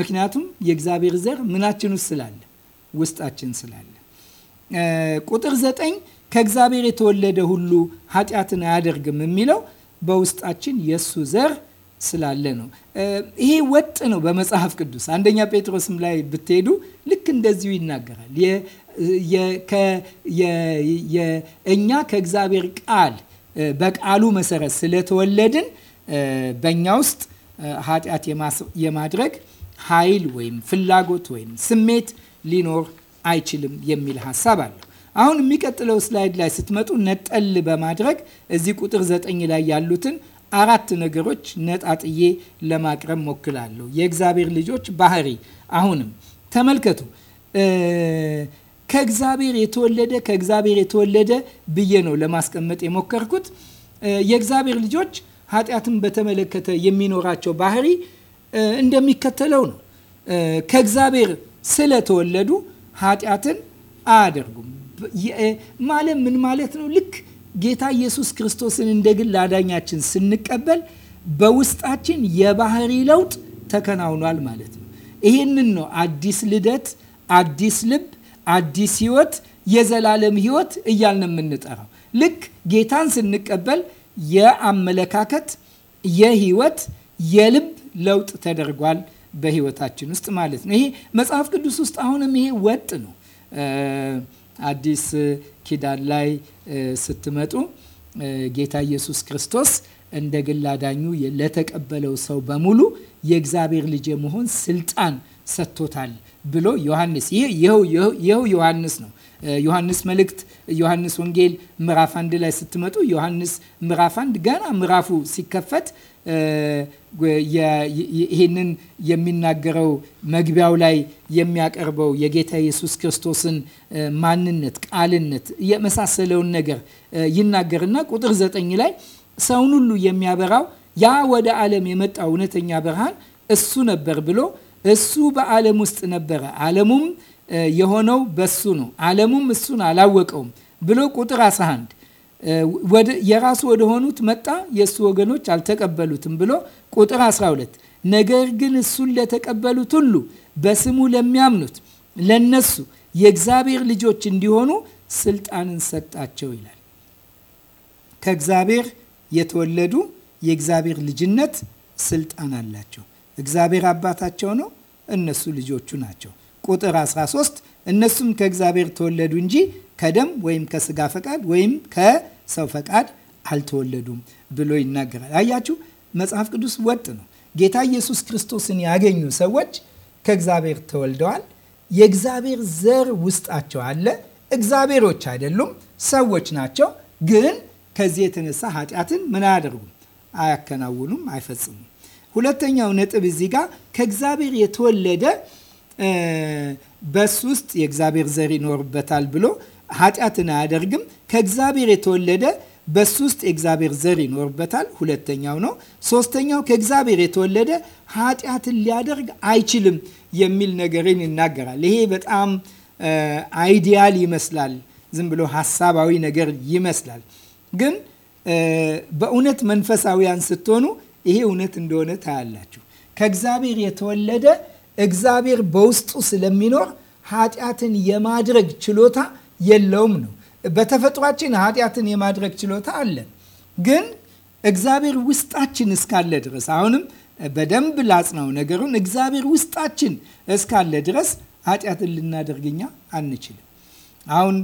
Speaker 1: ምክንያቱም የእግዚአብሔር ዘር ምናችን ውስጥ ስላለ ውስጣችን ስላለ ቁጥር ዘጠኝ ከእግዚአብሔር የተወለደ ሁሉ ኃጢአትን አያደርግም የሚለው በውስጣችን የእሱ ዘር ስላለ ነው። ይሄ ወጥ ነው በመጽሐፍ ቅዱስ አንደኛ ጴጥሮስም ላይ ብትሄዱ ልክ እንደዚሁ ይናገራል። እኛ ከእግዚአብሔር ቃል በቃሉ መሰረት ስለተወለድን በእኛ ውስጥ ኃጢአት የማድረግ ኃይል ወይም ፍላጎት ወይም ስሜት ሊኖር አይችልም የሚል ሀሳብ አለው። አሁን የሚቀጥለው ስላይድ ላይ ስትመጡ ነጠል በማድረግ እዚህ ቁጥር ዘጠኝ ላይ ያሉትን አራት ነገሮች ነጣጥዬ ለማቅረብ ሞክላለሁ። የእግዚአብሔር ልጆች ባህሪ አሁንም ተመልከቱ። ከእግዚአብሔር የተወለደ ከእግዚአብሔር የተወለደ ብዬ ነው ለማስቀመጥ የሞከርኩት። የእግዚአብሔር ልጆች ኃጢአትን በተመለከተ የሚኖራቸው ባህሪ እንደሚከተለው ነው። ከእግዚአብሔር ስለተወለዱ ኃጢአትን አያደርጉም። ማለት ምን ማለት ነው? ልክ ጌታ ኢየሱስ ክርስቶስን እንደ ግል አዳኛችን ስንቀበል በውስጣችን የባህሪ ለውጥ ተከናውኗል ማለት ነው። ይህንን ነው አዲስ ልደት፣ አዲስ ልብ፣ አዲስ ህይወት፣ የዘላለም ህይወት እያልን የምንጠራው። ልክ ጌታን ስንቀበል የአመለካከት፣ የህይወት፣ የልብ ለውጥ ተደርጓል በህይወታችን ውስጥ ማለት ነው። ይሄ መጽሐፍ ቅዱስ ውስጥ አሁንም ይሄ ወጥ ነው። አዲስ ኪዳን ላይ ስትመጡ ጌታ ኢየሱስ ክርስቶስ እንደ ግል አዳኙ ለተቀበለው ሰው በሙሉ የእግዚአብሔር ልጅ የመሆን ስልጣን ሰጥቶታል ብሎ ዮሐንስ ይኸው ዮሐንስ ነው። ዮሐንስ መልእክት ዮሐንስ ወንጌል ምዕራፍ አንድ ላይ ስትመጡ ዮሐንስ ምዕራፍ አንድ ገና ምዕራፉ ሲከፈት ይህንን የሚናገረው መግቢያው ላይ የሚያቀርበው የጌታ ኢየሱስ ክርስቶስን ማንነት፣ ቃልነት የመሳሰለውን ነገር ይናገርና ቁጥር ዘጠኝ ላይ ሰውን ሁሉ የሚያበራው ያ ወደ ዓለም የመጣው እውነተኛ ብርሃን እሱ ነበር ብሎ እሱ በዓለም ውስጥ ነበረ፣ ዓለሙም የሆነው በሱ ነው፣ ዓለሙም እሱን አላወቀውም ብሎ ቁጥር 11 የራሱ ወደሆኑት መጣ፣ የእሱ ወገኖች አልተቀበሉትም ብሎ ቁጥር 12 ነገር ግን እሱን ለተቀበሉት ሁሉ በስሙ ለሚያምኑት ለነሱ የእግዚአብሔር ልጆች እንዲሆኑ ስልጣንን ሰጣቸው ይላል። ከእግዚአብሔር የተወለዱ የእግዚአብሔር ልጅነት ስልጣን አላቸው። እግዚአብሔር አባታቸው ነው፣ እነሱ ልጆቹ ናቸው። ቁጥር 13 እነሱም ከእግዚአብሔር ተወለዱ እንጂ ከደም ወይም ከስጋ ፈቃድ ወይም ከሰው ፈቃድ አልተወለዱም ብሎ ይናገራል። አያችሁ፣ መጽሐፍ ቅዱስ ወጥ ነው። ጌታ ኢየሱስ ክርስቶስን ያገኙ ሰዎች ከእግዚአብሔር ተወልደዋል። የእግዚአብሔር ዘር ውስጣቸው አለ። እግዚአብሔሮች አይደሉም፣ ሰዎች ናቸው። ግን ከዚህ የተነሳ ኃጢአትን ምን አያደርጉም? አያከናውኑም፣ አይፈጽሙም። ሁለተኛው ነጥብ እዚህ ጋር ከእግዚአብሔር የተወለደ በሱ ውስጥ የእግዚአብሔር ዘር ይኖርበታል ብሎ ኃጢአትን አያደርግም። ከእግዚአብሔር የተወለደ በሱ ውስጥ የእግዚአብሔር ዘር ይኖርበታል። ሁለተኛው ነው። ሶስተኛው ከእግዚአብሔር የተወለደ ኃጢአትን ሊያደርግ አይችልም የሚል ነገርን ይናገራል። ይሄ በጣም አይዲያል ይመስላል። ዝም ብሎ ሀሳባዊ ነገር ይመስላል። ግን በእውነት መንፈሳዊያን ስትሆኑ ይሄ እውነት እንደሆነ ታያላችሁ። ከእግዚአብሔር የተወለደ እግዚአብሔር በውስጡ ስለሚኖር ኃጢአትን የማድረግ ችሎታ የለውም ነው። በተፈጥሯችን ኃጢአትን የማድረግ ችሎታ አለን። ግን እግዚአብሔር ውስጣችን እስካለ ድረስ አሁንም በደንብ ላጽናው ነገሩን፣ እግዚአብሔር ውስጣችን እስካለ ድረስ ኃጢአትን ልናደርግኛ አንችልም። አሁን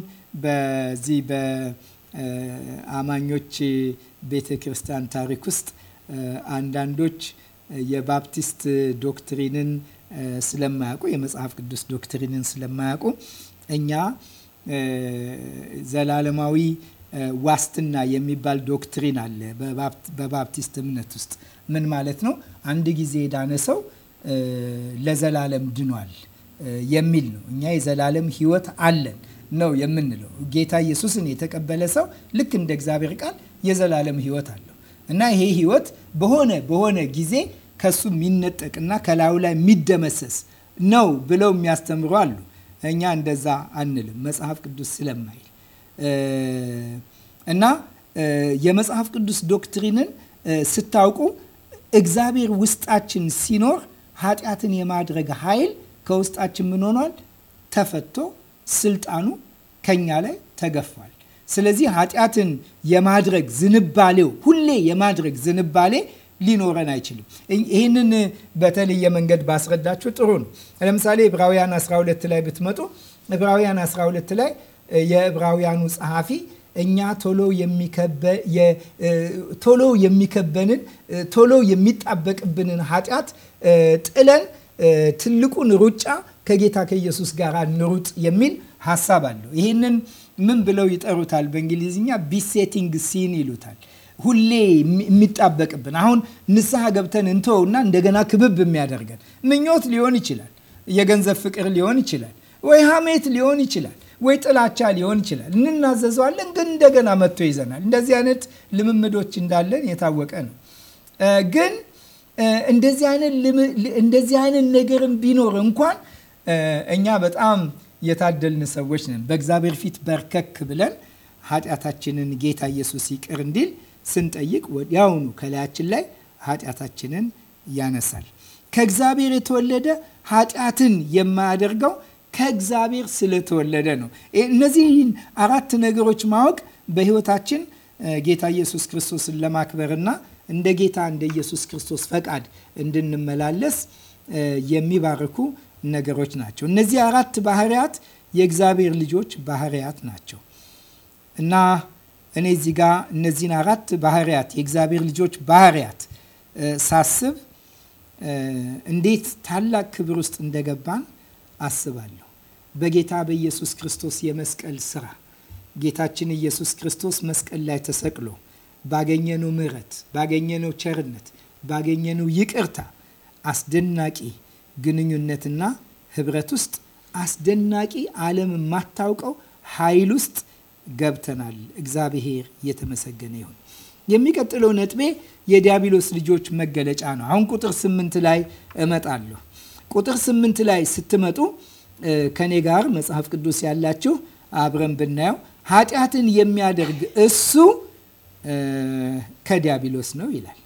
Speaker 1: በዚህ በአማኞች ቤተ ክርስቲያን ታሪክ ውስጥ አንዳንዶች የባፕቲስት ዶክትሪንን ስለማያውቁ የመጽሐፍ ቅዱስ ዶክትሪንን ስለማያውቁ እኛ ዘላለማዊ ዋስትና የሚባል ዶክትሪን አለ በባፕቲስት እምነት ውስጥ። ምን ማለት ነው? አንድ ጊዜ የዳነ ሰው ለዘላለም ድኗል የሚል ነው። እኛ የዘላለም ሕይወት አለን ነው የምንለው። ጌታ ኢየሱስን የተቀበለ ሰው ልክ እንደ እግዚአብሔር ቃል የዘላለም ሕይወት አለው እና ይሄ ሕይወት በሆነ በሆነ ጊዜ ከሱ የሚነጠቅና ከላዩ ላይ የሚደመሰስ ነው ብለው የሚያስተምሩ አሉ። እኛ እንደዛ አንልም፣ መጽሐፍ ቅዱስ ስለማይል እና የመጽሐፍ ቅዱስ ዶክትሪንን ስታውቁ እግዚአብሔር ውስጣችን ሲኖር ኃጢአትን የማድረግ ኃይል ከውስጣችን ምን ሆኗል? ተፈቶ ስልጣኑ ከኛ ላይ ተገፏል። ስለዚህ ኃጢአትን የማድረግ ዝንባሌው ሁሌ የማድረግ ዝንባሌ ሊኖረን አይችልም። ይህንን በተለየ መንገድ ባስረዳችሁ ጥሩ ነው። ለምሳሌ ዕብራውያን 12 ላይ ብትመጡ ዕብራውያን 12 ላይ የዕብራውያኑ ጸሐፊ እኛ ቶሎ ቶሎ የሚከበንን ቶሎ የሚጣበቅብንን ኃጢአት ጥለን ትልቁን ሩጫ ከጌታ ከኢየሱስ ጋር ንሩጥ የሚል ሀሳብ አለው። ይህንን ምን ብለው ይጠሩታል? በእንግሊዝኛ ቢሴቲንግ ሲን ይሉታል። ሁሌ የሚጣበቅብን አሁን ንስሐ ገብተን እንተውና እንደገና ክብብ የሚያደርገን ምኞት ሊሆን ይችላል። የገንዘብ ፍቅር ሊሆን ይችላል። ወይ ሐሜት ሊሆን ይችላል። ወይ ጥላቻ ሊሆን ይችላል። እንናዘዘዋለን፣ ግን እንደገና መጥቶ ይዘናል። እንደዚህ አይነት ልምምዶች እንዳለን የታወቀ ነው። ግን እንደዚህ አይነት ነገርም ቢኖር እንኳን እኛ በጣም የታደልን ሰዎች ነን። በእግዚአብሔር ፊት በርከክ ብለን ኃጢአታችንን ጌታ ኢየሱስ ይቅር እንዲል ስንጠይቅ ወዲያውኑ ከላያችን ላይ ኃጢአታችንን ያነሳል። ከእግዚአብሔር የተወለደ ኃጢአትን የማያደርገው ከእግዚአብሔር ስለተወለደ ነው። እነዚህን አራት ነገሮች ማወቅ በህይወታችን ጌታ ኢየሱስ ክርስቶስን ለማክበርና እንደ ጌታ እንደ ኢየሱስ ክርስቶስ ፈቃድ እንድንመላለስ የሚባርኩ ነገሮች ናቸው። እነዚህ አራት ባህሪያት የእግዚአብሔር ልጆች ባህሪያት ናቸው እና እኔ እዚህ ጋር እነዚህን አራት ባህሪያት የእግዚአብሔር ልጆች ባህሪያት ሳስብ እንዴት ታላቅ ክብር ውስጥ እንደገባን አስባለሁ። በጌታ በኢየሱስ ክርስቶስ የመስቀል ስራ ጌታችን ኢየሱስ ክርስቶስ መስቀል ላይ ተሰቅሎ ባገኘነው ምሕረት፣ ባገኘነው ቸርነት፣ ባገኘነው ይቅርታ አስደናቂ ግንኙነትና ህብረት ውስጥ አስደናቂ ዓለም የማታውቀው ኃይል ውስጥ ገብተናል። እግዚአብሔር እየተመሰገነ ይሁን። የሚቀጥለው ነጥቤ የዲያብሎስ ልጆች መገለጫ ነው። አሁን ቁጥር ስምንት ላይ እመጣለሁ። ቁጥር ስምንት ላይ ስትመጡ ከኔ ጋር መጽሐፍ ቅዱስ ያላችሁ አብረን ብናየው ኃጢአትን የሚያደርግ እሱ ከዲያብሎስ ነው ይላል።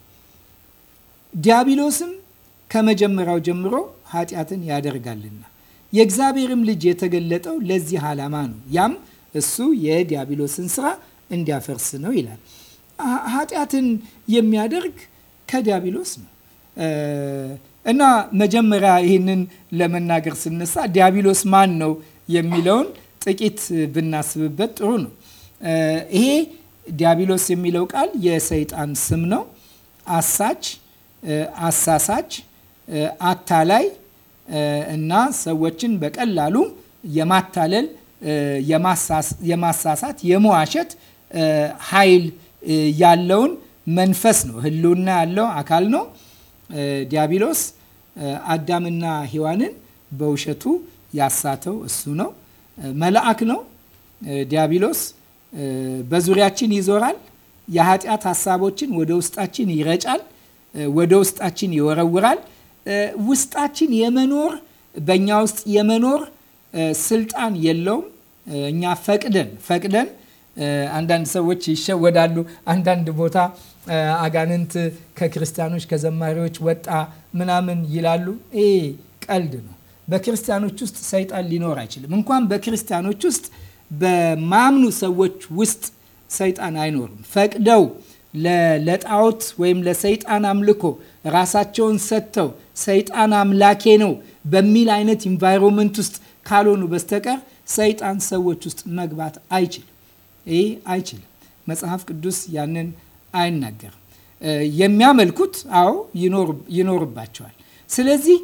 Speaker 1: ዲያብሎስም ከመጀመሪያው ጀምሮ ኃጢአትን ያደርጋልና የእግዚአብሔርም ልጅ የተገለጠው ለዚህ ዓላማ ነው ያም እሱ የዲያብሎስን ስራ እንዲያፈርስ ነው ይላል። ኃጢአትን የሚያደርግ ከዲያብሎስ ነው እና መጀመሪያ ይህንን ለመናገር ስነሳ ዲያብሎስ ማን ነው የሚለውን ጥቂት ብናስብበት ጥሩ ነው። ይሄ ዲያብሎስ የሚለው ቃል የሰይጣን ስም ነው። አሳች፣ አሳሳች፣ አታላይ እና ሰዎችን በቀላሉ የማታለል የማሳሳት የመዋሸት ኃይል ያለውን መንፈስ ነው። ህልውና ያለው አካል ነው። ዲያብሎስ አዳምና ሔዋንን በውሸቱ ያሳተው እሱ ነው። መልአክ ነው ዲያብሎስ። በዙሪያችን ይዞራል። የኃጢአት ሀሳቦችን ወደ ውስጣችን ይረጫል፣ ወደ ውስጣችን ይወረውራል። ውስጣችን የመኖር በእኛ ውስጥ የመኖር ስልጣን የለውም። እኛ ፈቅደን ፈቅደን አንዳንድ ሰዎች ይሸወዳሉ። አንዳንድ ቦታ አጋንንት ከክርስቲያኖች ከዘማሪዎች ወጣ ምናምን ይላሉ። ይሄ ቀልድ ነው። በክርስቲያኖች ውስጥ ሰይጣን ሊኖር አይችልም። እንኳን በክርስቲያኖች ውስጥ በማምኑ ሰዎች ውስጥ ሰይጣን አይኖርም። ፈቅደው ለጣዖት ወይም ለሰይጣን አምልኮ ራሳቸውን ሰጥተው ሰይጣን አምላኬ ነው በሚል አይነት ኢንቫይሮንመንት ውስጥ ካልሆኑ በስተቀር ሰይጣን ሰዎች ውስጥ መግባት አይችልም። ይህ አይችልም። መጽሐፍ ቅዱስ ያንን አይናገርም። የሚያመልኩት አዎ ይኖርባቸዋል። ስለዚህ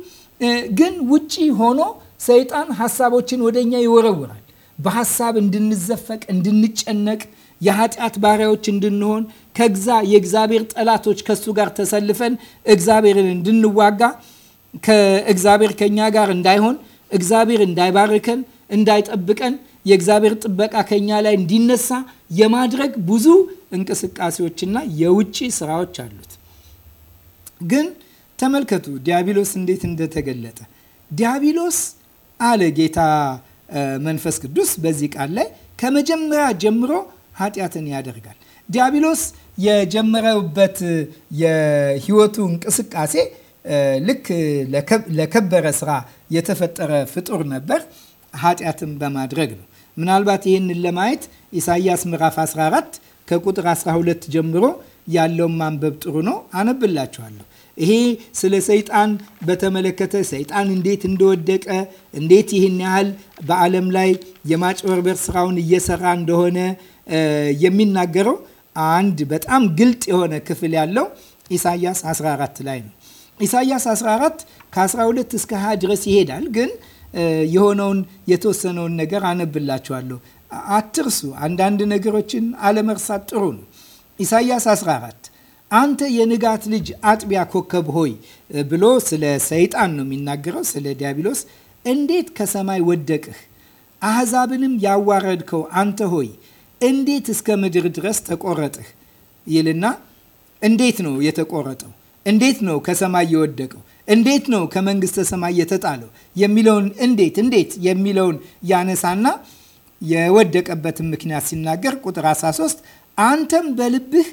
Speaker 1: ግን ውጪ ሆኖ ሰይጣን ሀሳቦችን ወደኛ ይወረውራል። በሀሳብ እንድንዘፈቅ፣ እንድንጨነቅ፣ የኃጢአት ባሪያዎች እንድንሆን ከግዛ የእግዚአብሔር ጠላቶች ከሱ ጋር ተሰልፈን እግዚአብሔርን እንድንዋጋ ከእግዚአብሔር ከኛ ጋር እንዳይሆን እግዚአብሔር እንዳይባርከን፣ እንዳይጠብቀን፣ የእግዚአብሔር ጥበቃ ከኛ ላይ እንዲነሳ የማድረግ ብዙ እንቅስቃሴዎችና የውጭ ስራዎች አሉት። ግን ተመልከቱ ዲያብሎስ እንዴት እንደተገለጠ። ዲያብሎስ አለ ጌታ መንፈስ ቅዱስ በዚህ ቃል ላይ ከመጀመሪያ ጀምሮ ኃጢአትን ያደርጋል። ዲያብሎስ የጀመረበት የህይወቱ እንቅስቃሴ ልክ ለከበረ ስራ የተፈጠረ ፍጡር ነበር። ኃጢአትን በማድረግ ነው። ምናልባት ይህንን ለማየት ኢሳይያስ ምዕራፍ 14 ከቁጥር 12 ጀምሮ ያለውን ማንበብ ጥሩ ነው። አነብላችኋለሁ። ይሄ ስለ ሰይጣን በተመለከተ ሰይጣን እንዴት እንደወደቀ እንዴት ይህን ያህል በዓለም ላይ የማጭበርበር ስራውን እየሰራ እንደሆነ የሚናገረው አንድ በጣም ግልጥ የሆነ ክፍል ያለው ኢሳይያስ 14 ላይ ነው። ኢሳያስ 14 ከ12 እስከ 20 ድረስ ይሄዳል። ግን የሆነውን የተወሰነውን ነገር አነብላችኋለሁ። አትርሱ። አንዳንድ ነገሮችን አለመርሳት ጥሩ ነው። ኢሳያስ 14 አንተ የንጋት ልጅ አጥቢያ ኮከብ ሆይ ብሎ ስለ ሰይጣን ነው የሚናገረው፣ ስለ ዲያብሎስ። እንዴት ከሰማይ ወደቅህ? አህዛብንም ያዋረድከው አንተ ሆይ እንዴት እስከ ምድር ድረስ ተቆረጥህ? ይልና እንዴት ነው የተቆረጠው? እንዴት ነው ከሰማይ የወደቀው? እንዴት ነው ከመንግስተ ሰማይ የተጣለው የሚለውን እንዴት እንዴት የሚለውን ያነሳና የወደቀበትን ምክንያት ሲናገር ቁጥር 13 አንተም በልብህ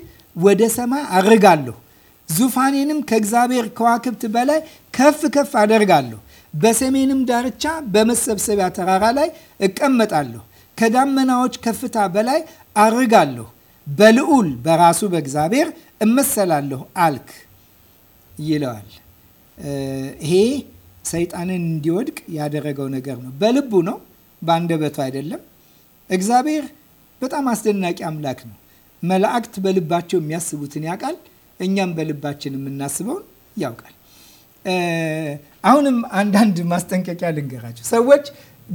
Speaker 1: ወደ ሰማይ አድርጋለሁ፣ ዙፋኔንም ከእግዚአብሔር ከዋክብት በላይ ከፍ ከፍ አደርጋለሁ፣ በሰሜንም ዳርቻ በመሰብሰቢያ ተራራ ላይ እቀመጣለሁ፣ ከዳመናዎች ከፍታ በላይ አድርጋለሁ፣ በልዑል በራሱ በእግዚአብሔር እመሰላለሁ አልክ። ይለዋል። ይሄ ሰይጣንን እንዲወድቅ ያደረገው ነገር ነው። በልቡ ነው፣ በአንደበቱ አይደለም። እግዚአብሔር በጣም አስደናቂ አምላክ ነው። መላእክት በልባቸው የሚያስቡትን ያውቃል። እኛም በልባችን የምናስበውን ያውቃል። አሁንም አንዳንድ ማስጠንቀቂያ ልንገራቸው። ሰዎች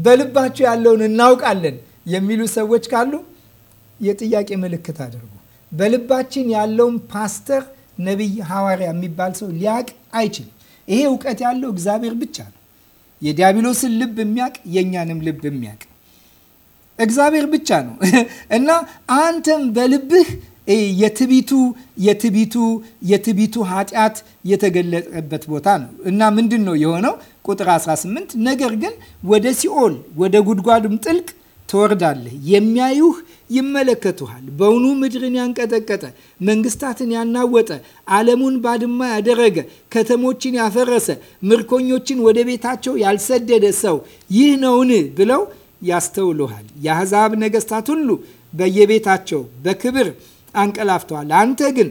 Speaker 1: በልባቸው ያለውን እናውቃለን የሚሉ ሰዎች ካሉ የጥያቄ ምልክት አድርጉ። በልባችን ያለውን ፓስተር ነቢይ፣ ሐዋርያ የሚባል ሰው ሊያቅ አይችልም። ይሄ እውቀት ያለው እግዚአብሔር ብቻ ነው። የዲያብሎስን ልብ የሚያቅ የእኛንም ልብ የሚያቅ እግዚአብሔር ብቻ ነው እና አንተም በልብህ የትቢቱ የትቢቱ የትቢቱ ኃጢአት የተገለጠበት ቦታ ነው እና ምንድን ነው የሆነው? ቁጥር 18 ነገር ግን ወደ ሲኦል ወደ ጉድጓዱም ጥልቅ ትወርዳለህ። የሚያዩህ ይመለከቱሃል። በውኑ ምድርን ያንቀጠቀጠ መንግስታትን ያናወጠ ዓለሙን ባድማ ያደረገ ከተሞችን ያፈረሰ ምርኮኞችን ወደ ቤታቸው ያልሰደደ ሰው ይህ ነውን? ብለው ያስተውሉሃል። የአሕዛብ ነገስታት ሁሉ በየቤታቸው በክብር አንቀላፍተዋል። አንተ ግን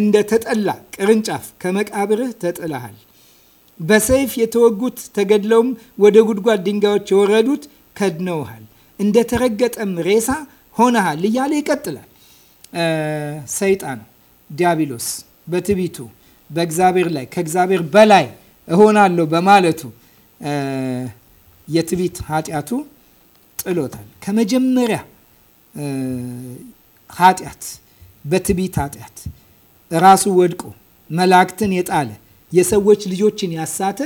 Speaker 1: እንደ ተጠላ ቅርንጫፍ ከመቃብርህ ተጥለሃል። በሰይፍ የተወጉት ተገድለውም ወደ ጉድጓድ ድንጋዮች የወረዱት ከድነውሃል። እንደተረገጠም ሬሳ ሆነሃል እያለ ይቀጥላል። ሰይጣን ዲያብሎስ በትቢቱ በእግዚአብሔር ላይ ከእግዚአብሔር በላይ እሆናለሁ በማለቱ የትቢት ኃጢአቱ ጥሎታል። ከመጀመሪያ ኃጢአት በትቢት ኃጢአት ራሱ ወድቆ መላእክትን የጣለ የሰዎች ልጆችን ያሳተ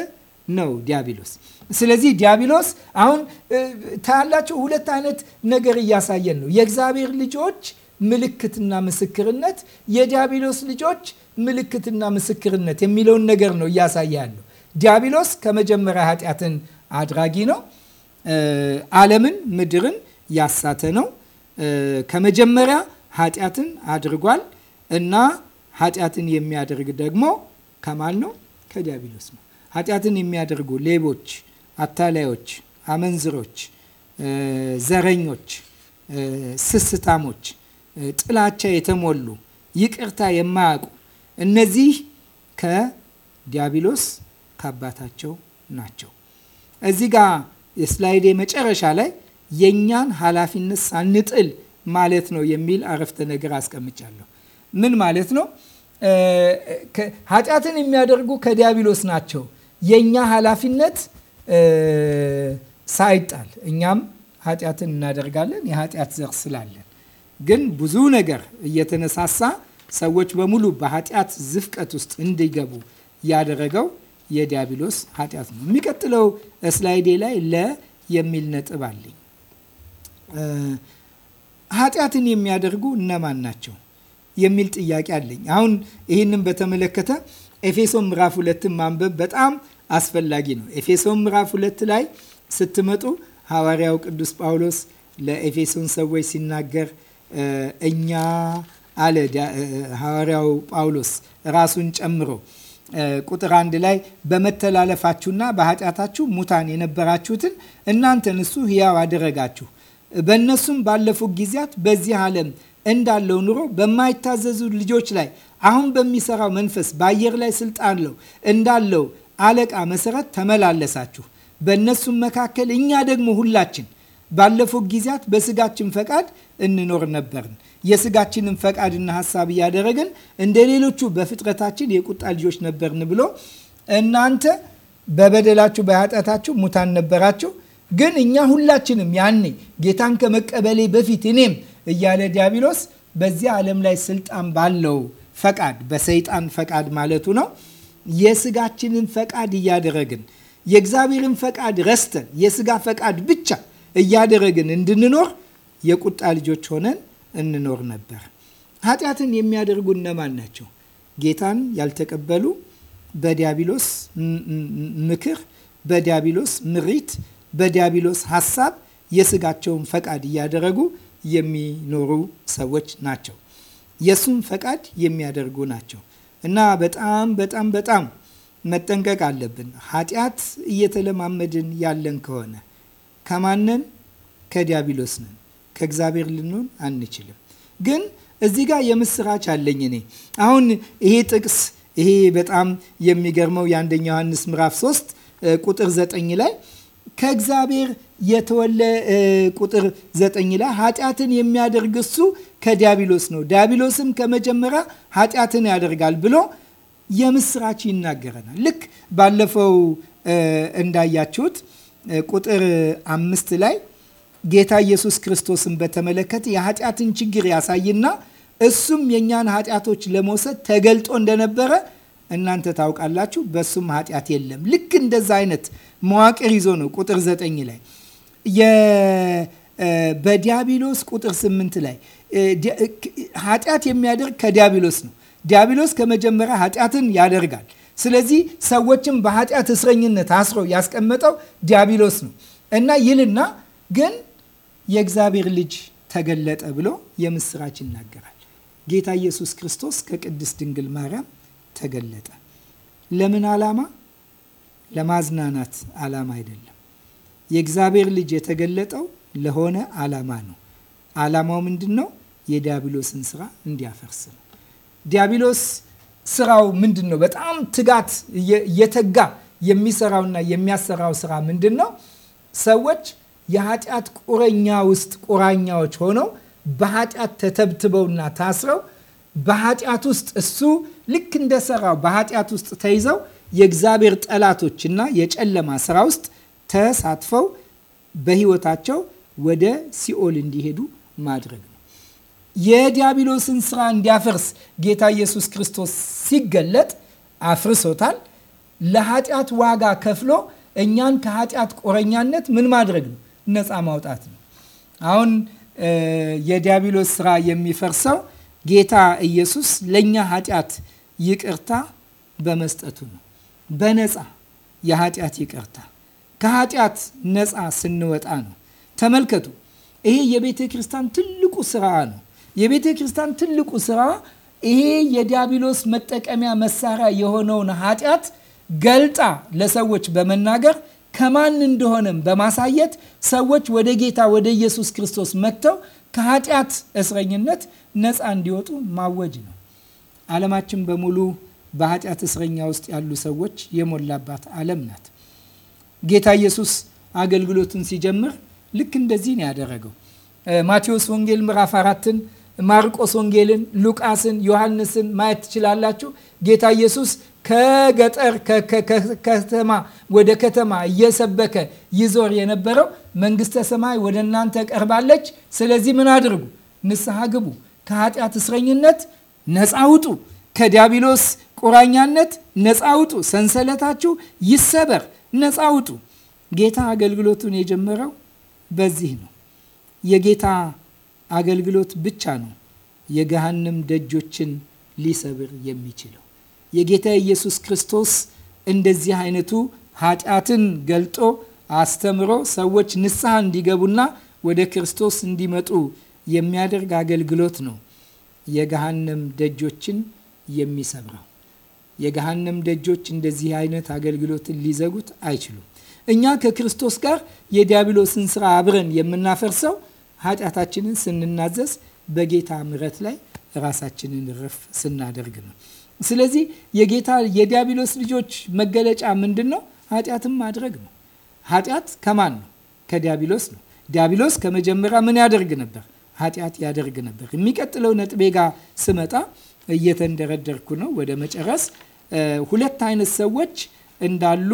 Speaker 1: ነው ዲያብሎስ። ስለዚህ ዲያብሎስ አሁን ታያላቸው ሁለት አይነት ነገር እያሳየን ነው። የእግዚአብሔር ልጆች ምልክትና ምስክርነት፣ የዲያብሎስ ልጆች ምልክትና ምስክርነት የሚለውን ነገር ነው እያሳየ ያለው። ዲያብሎስ ከመጀመሪያ ኃጢአትን አድራጊ ነው። ዓለምን ምድርን ያሳተ ነው። ከመጀመሪያ ኃጢአትን አድርጓል እና ኃጢአትን የሚያደርግ ደግሞ ከማን ነው? ከዲያብሎስ ነው። ኃጢአትን የሚያደርጉ ሌቦች አታላዮች፣ አመንዝሮች፣ ዘረኞች፣ ስስታሞች፣ ጥላቻ የተሞሉ ይቅርታ የማያውቁ እነዚህ ከዲያብሎስ ከአባታቸው ናቸው። እዚህ ጋ የስላይዴ መጨረሻ ላይ የእኛን ኃላፊነት ሳንጥል ማለት ነው የሚል አረፍተ ነገር አስቀምጫለሁ። ምን ማለት ነው? ኃጢአትን የሚያደርጉ ከዲያብሎስ ናቸው። የእኛ ኃላፊነት ሳይጣል እኛም ኃጢአትን እናደርጋለን የኃጢአት ዘር ስላለን። ግን ብዙ ነገር እየተነሳሳ ሰዎች በሙሉ በኃጢአት ዝፍቀት ውስጥ እንዲገቡ ያደረገው የዲያብሎስ ኃጢአት ነው። የሚቀጥለው ስላይዴ ላይ ለ የሚል ነጥብ አለኝ። ኃጢአትን የሚያደርጉ እነማን ናቸው የሚል ጥያቄ አለኝ። አሁን ይህንም በተመለከተ ኤፌሶን ምዕራፍ ሁለትን ማንበብ በጣም አስፈላጊ ነው። ኤፌሶን ምዕራፍ ሁለት ላይ ስትመጡ ሐዋርያው ቅዱስ ጳውሎስ ለኤፌሶን ሰዎች ሲናገር እኛ አለ ሐዋርያው ጳውሎስ ራሱን ጨምሮ ቁጥር አንድ ላይ በመተላለፋችሁና በኃጢአታችሁ ሙታን የነበራችሁትን እናንተን እሱ ሕያው አደረጋችሁ። በእነሱም ባለፉት ጊዜያት በዚህ ዓለም እንዳለው ኑሮ በማይታዘዙ ልጆች ላይ አሁን በሚሰራው መንፈስ በአየር ላይ ስልጣን ለው እንዳለው አለቃ መሰረት ተመላለሳችሁ። በእነሱም መካከል እኛ ደግሞ ሁላችን ባለፉት ጊዜያት በስጋችን ፈቃድ እንኖር ነበርን። የስጋችንን ፈቃድና ሀሳብ እያደረግን እንደ ሌሎቹ በፍጥረታችን የቁጣ ልጆች ነበርን ብሎ እናንተ በበደላችሁ በኃጢአታችሁ ሙታን ነበራችሁ። ግን እኛ ሁላችንም ያኔ ጌታን ከመቀበሌ በፊት እኔም እያለ ዲያብሎስ በዚያ ዓለም ላይ ስልጣን ባለው ፈቃድ በሰይጣን ፈቃድ ማለቱ ነው የስጋችንን ፈቃድ እያደረግን የእግዚአብሔርን ፈቃድ ረስተን የስጋ ፈቃድ ብቻ እያደረግን እንድንኖር የቁጣ ልጆች ሆነን እንኖር ነበር። ኃጢአትን የሚያደርጉ እነማን ናቸው? ጌታን ያልተቀበሉ በዲያብሎስ ምክር፣ በዲያብሎስ ምሪት፣ በዲያብሎስ ሀሳብ የስጋቸውን ፈቃድ እያደረጉ የሚኖሩ ሰዎች ናቸው። የሱም ፈቃድ የሚያደርጉ ናቸው። እና በጣም በጣም በጣም መጠንቀቅ አለብን። ኃጢአት እየተለማመድን ያለን ከሆነ ከማንን? ከዲያብሎስ ነን። ከእግዚአብሔር ልንሆን አንችልም። ግን እዚህ ጋር የምስራች አለኝ እኔ አሁን ይሄ ጥቅስ ይሄ በጣም የሚገርመው የአንደኛ ዮሐንስ ምዕራፍ 3 ቁጥር 9 ላይ ከእግዚአብሔር የተወለ ቁጥር ዘጠኝ ላይ ኃጢአትን የሚያደርግ እሱ ከዲያብሎስ ነው፣ ዲያብሎስም ከመጀመሪያ ኃጢአትን ያደርጋል ብሎ የምስራች ይናገረናል። ልክ ባለፈው እንዳያችሁት ቁጥር አምስት ላይ ጌታ ኢየሱስ ክርስቶስን በተመለከተ የኃጢአትን ችግር ያሳይና እሱም የእኛን ኃጢአቶች ለመውሰድ ተገልጦ እንደነበረ እናንተ ታውቃላችሁ፣ በሱም ኃጢአት የለም። ልክ እንደዛ አይነት መዋቅር ይዞ ነው ቁጥር ዘጠኝ ላይ በዲያብሎስ ቁጥር ስምንት ላይ ኃጢአት የሚያደርግ ከዲያብሎስ ነው። ዲያብሎስ ከመጀመሪያ ኃጢአትን ያደርጋል። ስለዚህ ሰዎችን በኃጢአት እስረኝነት አስሮ ያስቀመጠው ዲያብሎስ ነው እና ይልና ግን የእግዚአብሔር ልጅ ተገለጠ ብሎ የምስራች ይናገራል። ጌታ ኢየሱስ ክርስቶስ ከቅድስት ድንግል ማርያም ተገለጠ። ለምን ዓላማ? ለማዝናናት ዓላማ አይደለም። የእግዚአብሔር ልጅ የተገለጠው ለሆነ ዓላማ ነው። ዓላማው ምንድን ነው? የዲያብሎስን ስራ እንዲያፈርስ ነው። ዲያብሎስ ስራው ምንድን ነው? በጣም ትጋት እየተጋ የሚሰራውና የሚያሰራው ስራ ምንድን ነው? ሰዎች የኃጢአት ቁረኛ ውስጥ ቁራኛዎች ሆነው በኃጢአት ተተብትበውና ታስረው በኃጢአት ውስጥ እሱ ልክ እንደሰራው በኃጢአት ውስጥ ተይዘው የእግዚአብሔር ጠላቶችና የጨለማ ስራ ውስጥ ተሳትፈው በህይወታቸው ወደ ሲኦል እንዲሄዱ ማድረግ ነው። የዲያብሎስን ስራ እንዲያፈርስ ጌታ ኢየሱስ ክርስቶስ ሲገለጥ አፍርሶታል። ለኃጢአት ዋጋ ከፍሎ እኛን ከኃጢአት ቆረኛነት ምን ማድረግ ነው? ነፃ ማውጣት ነው። አሁን የዲያብሎስ ስራ የሚፈርሰው ጌታ ኢየሱስ ለእኛ ኃጢአት ይቅርታ በመስጠቱ ነው። በነፃ የኃጢአት ይቅርታ ከኃጢአት ነፃ ስንወጣ ነው። ተመልከቱ፣ ይሄ የቤተ ክርስቲያን ትልቁ ስራ ነው። የቤተ ክርስቲያን ትልቁ ስራ ይሄ የዲያብሎስ መጠቀሚያ መሳሪያ የሆነውን ኃጢአት ገልጣ ለሰዎች በመናገር ከማን እንደሆነም በማሳየት ሰዎች ወደ ጌታ ወደ ኢየሱስ ክርስቶስ መጥተው ከኃጢአት እስረኝነት ነፃ እንዲወጡ ማወጅ ነው። ዓለማችን በሙሉ በኃጢአት እስረኛ ውስጥ ያሉ ሰዎች የሞላባት ዓለም ናት። ጌታ ኢየሱስ አገልግሎትን ሲጀምር ልክ እንደዚህ ነው ያደረገው። ማቴዎስ ወንጌል ምዕራፍ አራትን፣ ማርቆስ ወንጌልን፣ ሉቃስን፣ ዮሐንስን ማየት ትችላላችሁ። ጌታ ኢየሱስ ከገጠር ከተማ ወደ ከተማ እየሰበከ ይዞር የነበረው መንግስተ ሰማይ ወደ እናንተ ቀርባለች፣ ስለዚህ ምን አድርጉ? ንስሐ ግቡ፣ ከኃጢአት እስረኝነት ነፃ አውጡ፣ ከዲያብሎስ ቁራኛነት ነፃ ሰንሰለታችሁ ይሰበር፣ ነፃ ጌታ አገልግሎቱን የጀመረው በዚህ ነው። የጌታ አገልግሎት ብቻ ነው የገሃንም ደጆችን ሊሰብር የሚችለው። የጌታ ኢየሱስ ክርስቶስ እንደዚህ አይነቱ ኃጢአትን ገልጦ አስተምሮ ሰዎች ንስሐ እንዲገቡና ወደ ክርስቶስ እንዲመጡ የሚያደርግ አገልግሎት ነው የገሃነም ደጆችን የሚሰብረው። የገሃነም ደጆች እንደዚህ አይነት አገልግሎትን ሊዘጉት አይችሉም። እኛ ከክርስቶስ ጋር የዲያብሎስን ስራ አብረን የምናፈርሰው ኃጢአታችንን ስንናዘዝ በጌታ ምረት ላይ ራሳችንን ርፍ ስናደርግ ነው። ስለዚህ የጌታ የዲያብሎስ ልጆች መገለጫ ምንድን ነው? ኃጢአትን ማድረግ ነው። ኃጢአት ከማን ነው? ከዲያብሎስ ነው። ዲያብሎስ ከመጀመሪያ ምን ያደርግ ነበር? ኃጢአት ያደርግ ነበር። የሚቀጥለው ነጥቤ ጋር ስመጣ እየተንደረደርኩ ነው ወደ መጨረስ። ሁለት አይነት ሰዎች እንዳሉ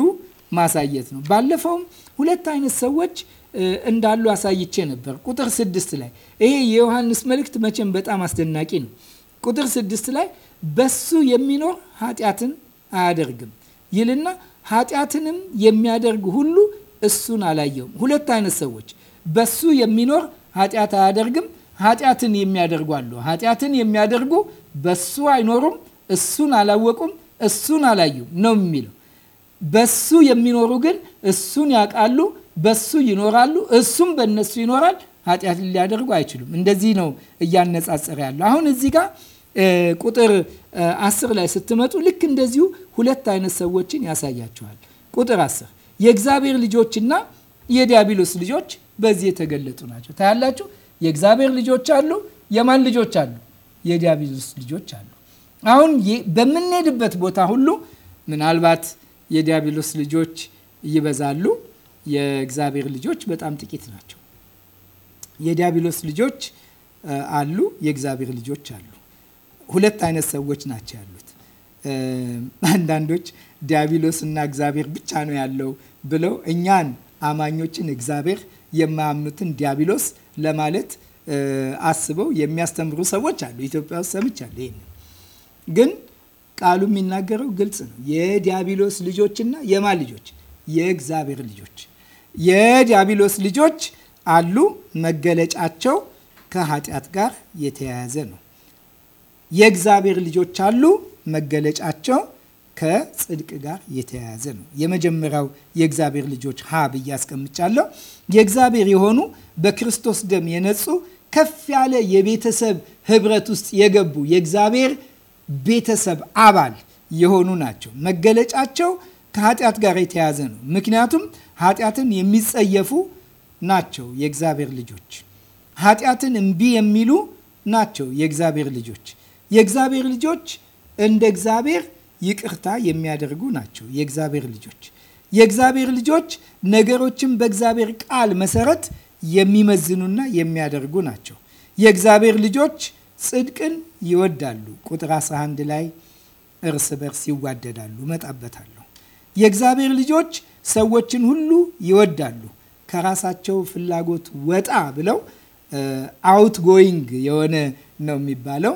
Speaker 1: ማሳየት ነው። ባለፈውም ሁለት አይነት ሰዎች እንዳሉ አሳይቼ ነበር። ቁጥር ስድስት ላይ ይሄ የዮሐንስ መልእክት መቼም በጣም አስደናቂ ነው። ቁጥር ስድስት ላይ በሱ የሚኖር ኃጢአትን አያደርግም ይልና ኃጢአትንም የሚያደርግ ሁሉ እሱን አላየውም። ሁለት አይነት ሰዎች በሱ የሚኖር ኃጢአት አያደርግም ኃጢአትን የሚያደርጉ አሉ። ኃጢአትን የሚያደርጉ በሱ አይኖሩም፣ እሱን አላወቁም፣ እሱን አላዩም ነው የሚለው። በሱ የሚኖሩ ግን እሱን ያውቃሉ፣ በሱ ይኖራሉ፣ እሱም በእነሱ ይኖራል። ኃጢአትን ሊያደርጉ አይችሉም። እንደዚህ ነው እያነጻጸረ ያሉ። አሁን እዚህ ጋር ቁጥር አስር ላይ ስትመጡ ልክ እንደዚሁ ሁለት አይነት ሰዎችን ያሳያቸዋል። ቁጥር አስር የእግዚአብሔር ልጆችና የዲያብሎስ ልጆች በዚህ የተገለጡ ናቸው። ታያላችሁ የእግዚአብሔር ልጆች አሉ። የማን ልጆች አሉ? የዲያብሎስ ልጆች አሉ። አሁን በምንሄድበት ቦታ ሁሉ ምናልባት የዲያብሎስ ልጆች ይበዛሉ፣ የእግዚአብሔር ልጆች በጣም ጥቂት ናቸው። የዲያብሎስ ልጆች አሉ፣ የእግዚአብሔር ልጆች አሉ። ሁለት አይነት ሰዎች ናቸው ያሉት። አንዳንዶች እና እግዚአብሔር ብቻ ነው ያለው ብለው እኛን አማኞችን እግዚአብሔር የማያምኑትን ዲያብሎስ ለማለት አስበው የሚያስተምሩ ሰዎች አሉ። ኢትዮጵያ ውስጥ ሰምቻለሁ። ይህን ግን ቃሉ የሚናገረው ግልጽ ነው። የዲያብሎስ ልጆችና የማ ልጆች የእግዚአብሔር ልጆች የዲያብሎስ ልጆች አሉ። መገለጫቸው ከኃጢአት ጋር የተያያዘ ነው። የእግዚአብሔር ልጆች አሉ። መገለጫቸው ከጽድቅ ጋር የተያያዘ ነው። የመጀመሪያው የእግዚአብሔር ልጆች ሀ ብዬ አስቀምጫለሁ። የእግዚአብሔር የሆኑ በክርስቶስ ደም የነጹ ከፍ ያለ የቤተሰብ ህብረት ውስጥ የገቡ የእግዚአብሔር ቤተሰብ አባል የሆኑ ናቸው። መገለጫቸው ከኃጢአት ጋር የተያያዘ ነው። ምክንያቱም ኃጢአትን የሚጸየፉ ናቸው የእግዚአብሔር ልጆች። ኃጢአትን እምቢ የሚሉ ናቸው የእግዚአብሔር ልጆች። የእግዚአብሔር ልጆች እንደ እግዚአብሔር ይቅርታ የሚያደርጉ ናቸው የእግዚአብሔር ልጆች። የእግዚአብሔር ልጆች ነገሮችን በእግዚአብሔር ቃል መሰረት የሚመዝኑና የሚያደርጉ ናቸው። የእግዚአብሔር ልጆች ጽድቅን ይወዳሉ። ቁጥር 11 ላይ እርስ በርስ ይዋደዳሉ፣ እመጣበታለሁ። የእግዚአብሔር ልጆች ሰዎችን ሁሉ ይወዳሉ። ከራሳቸው ፍላጎት ወጣ ብለው አውት ጎይንግ የሆነ ነው የሚባለው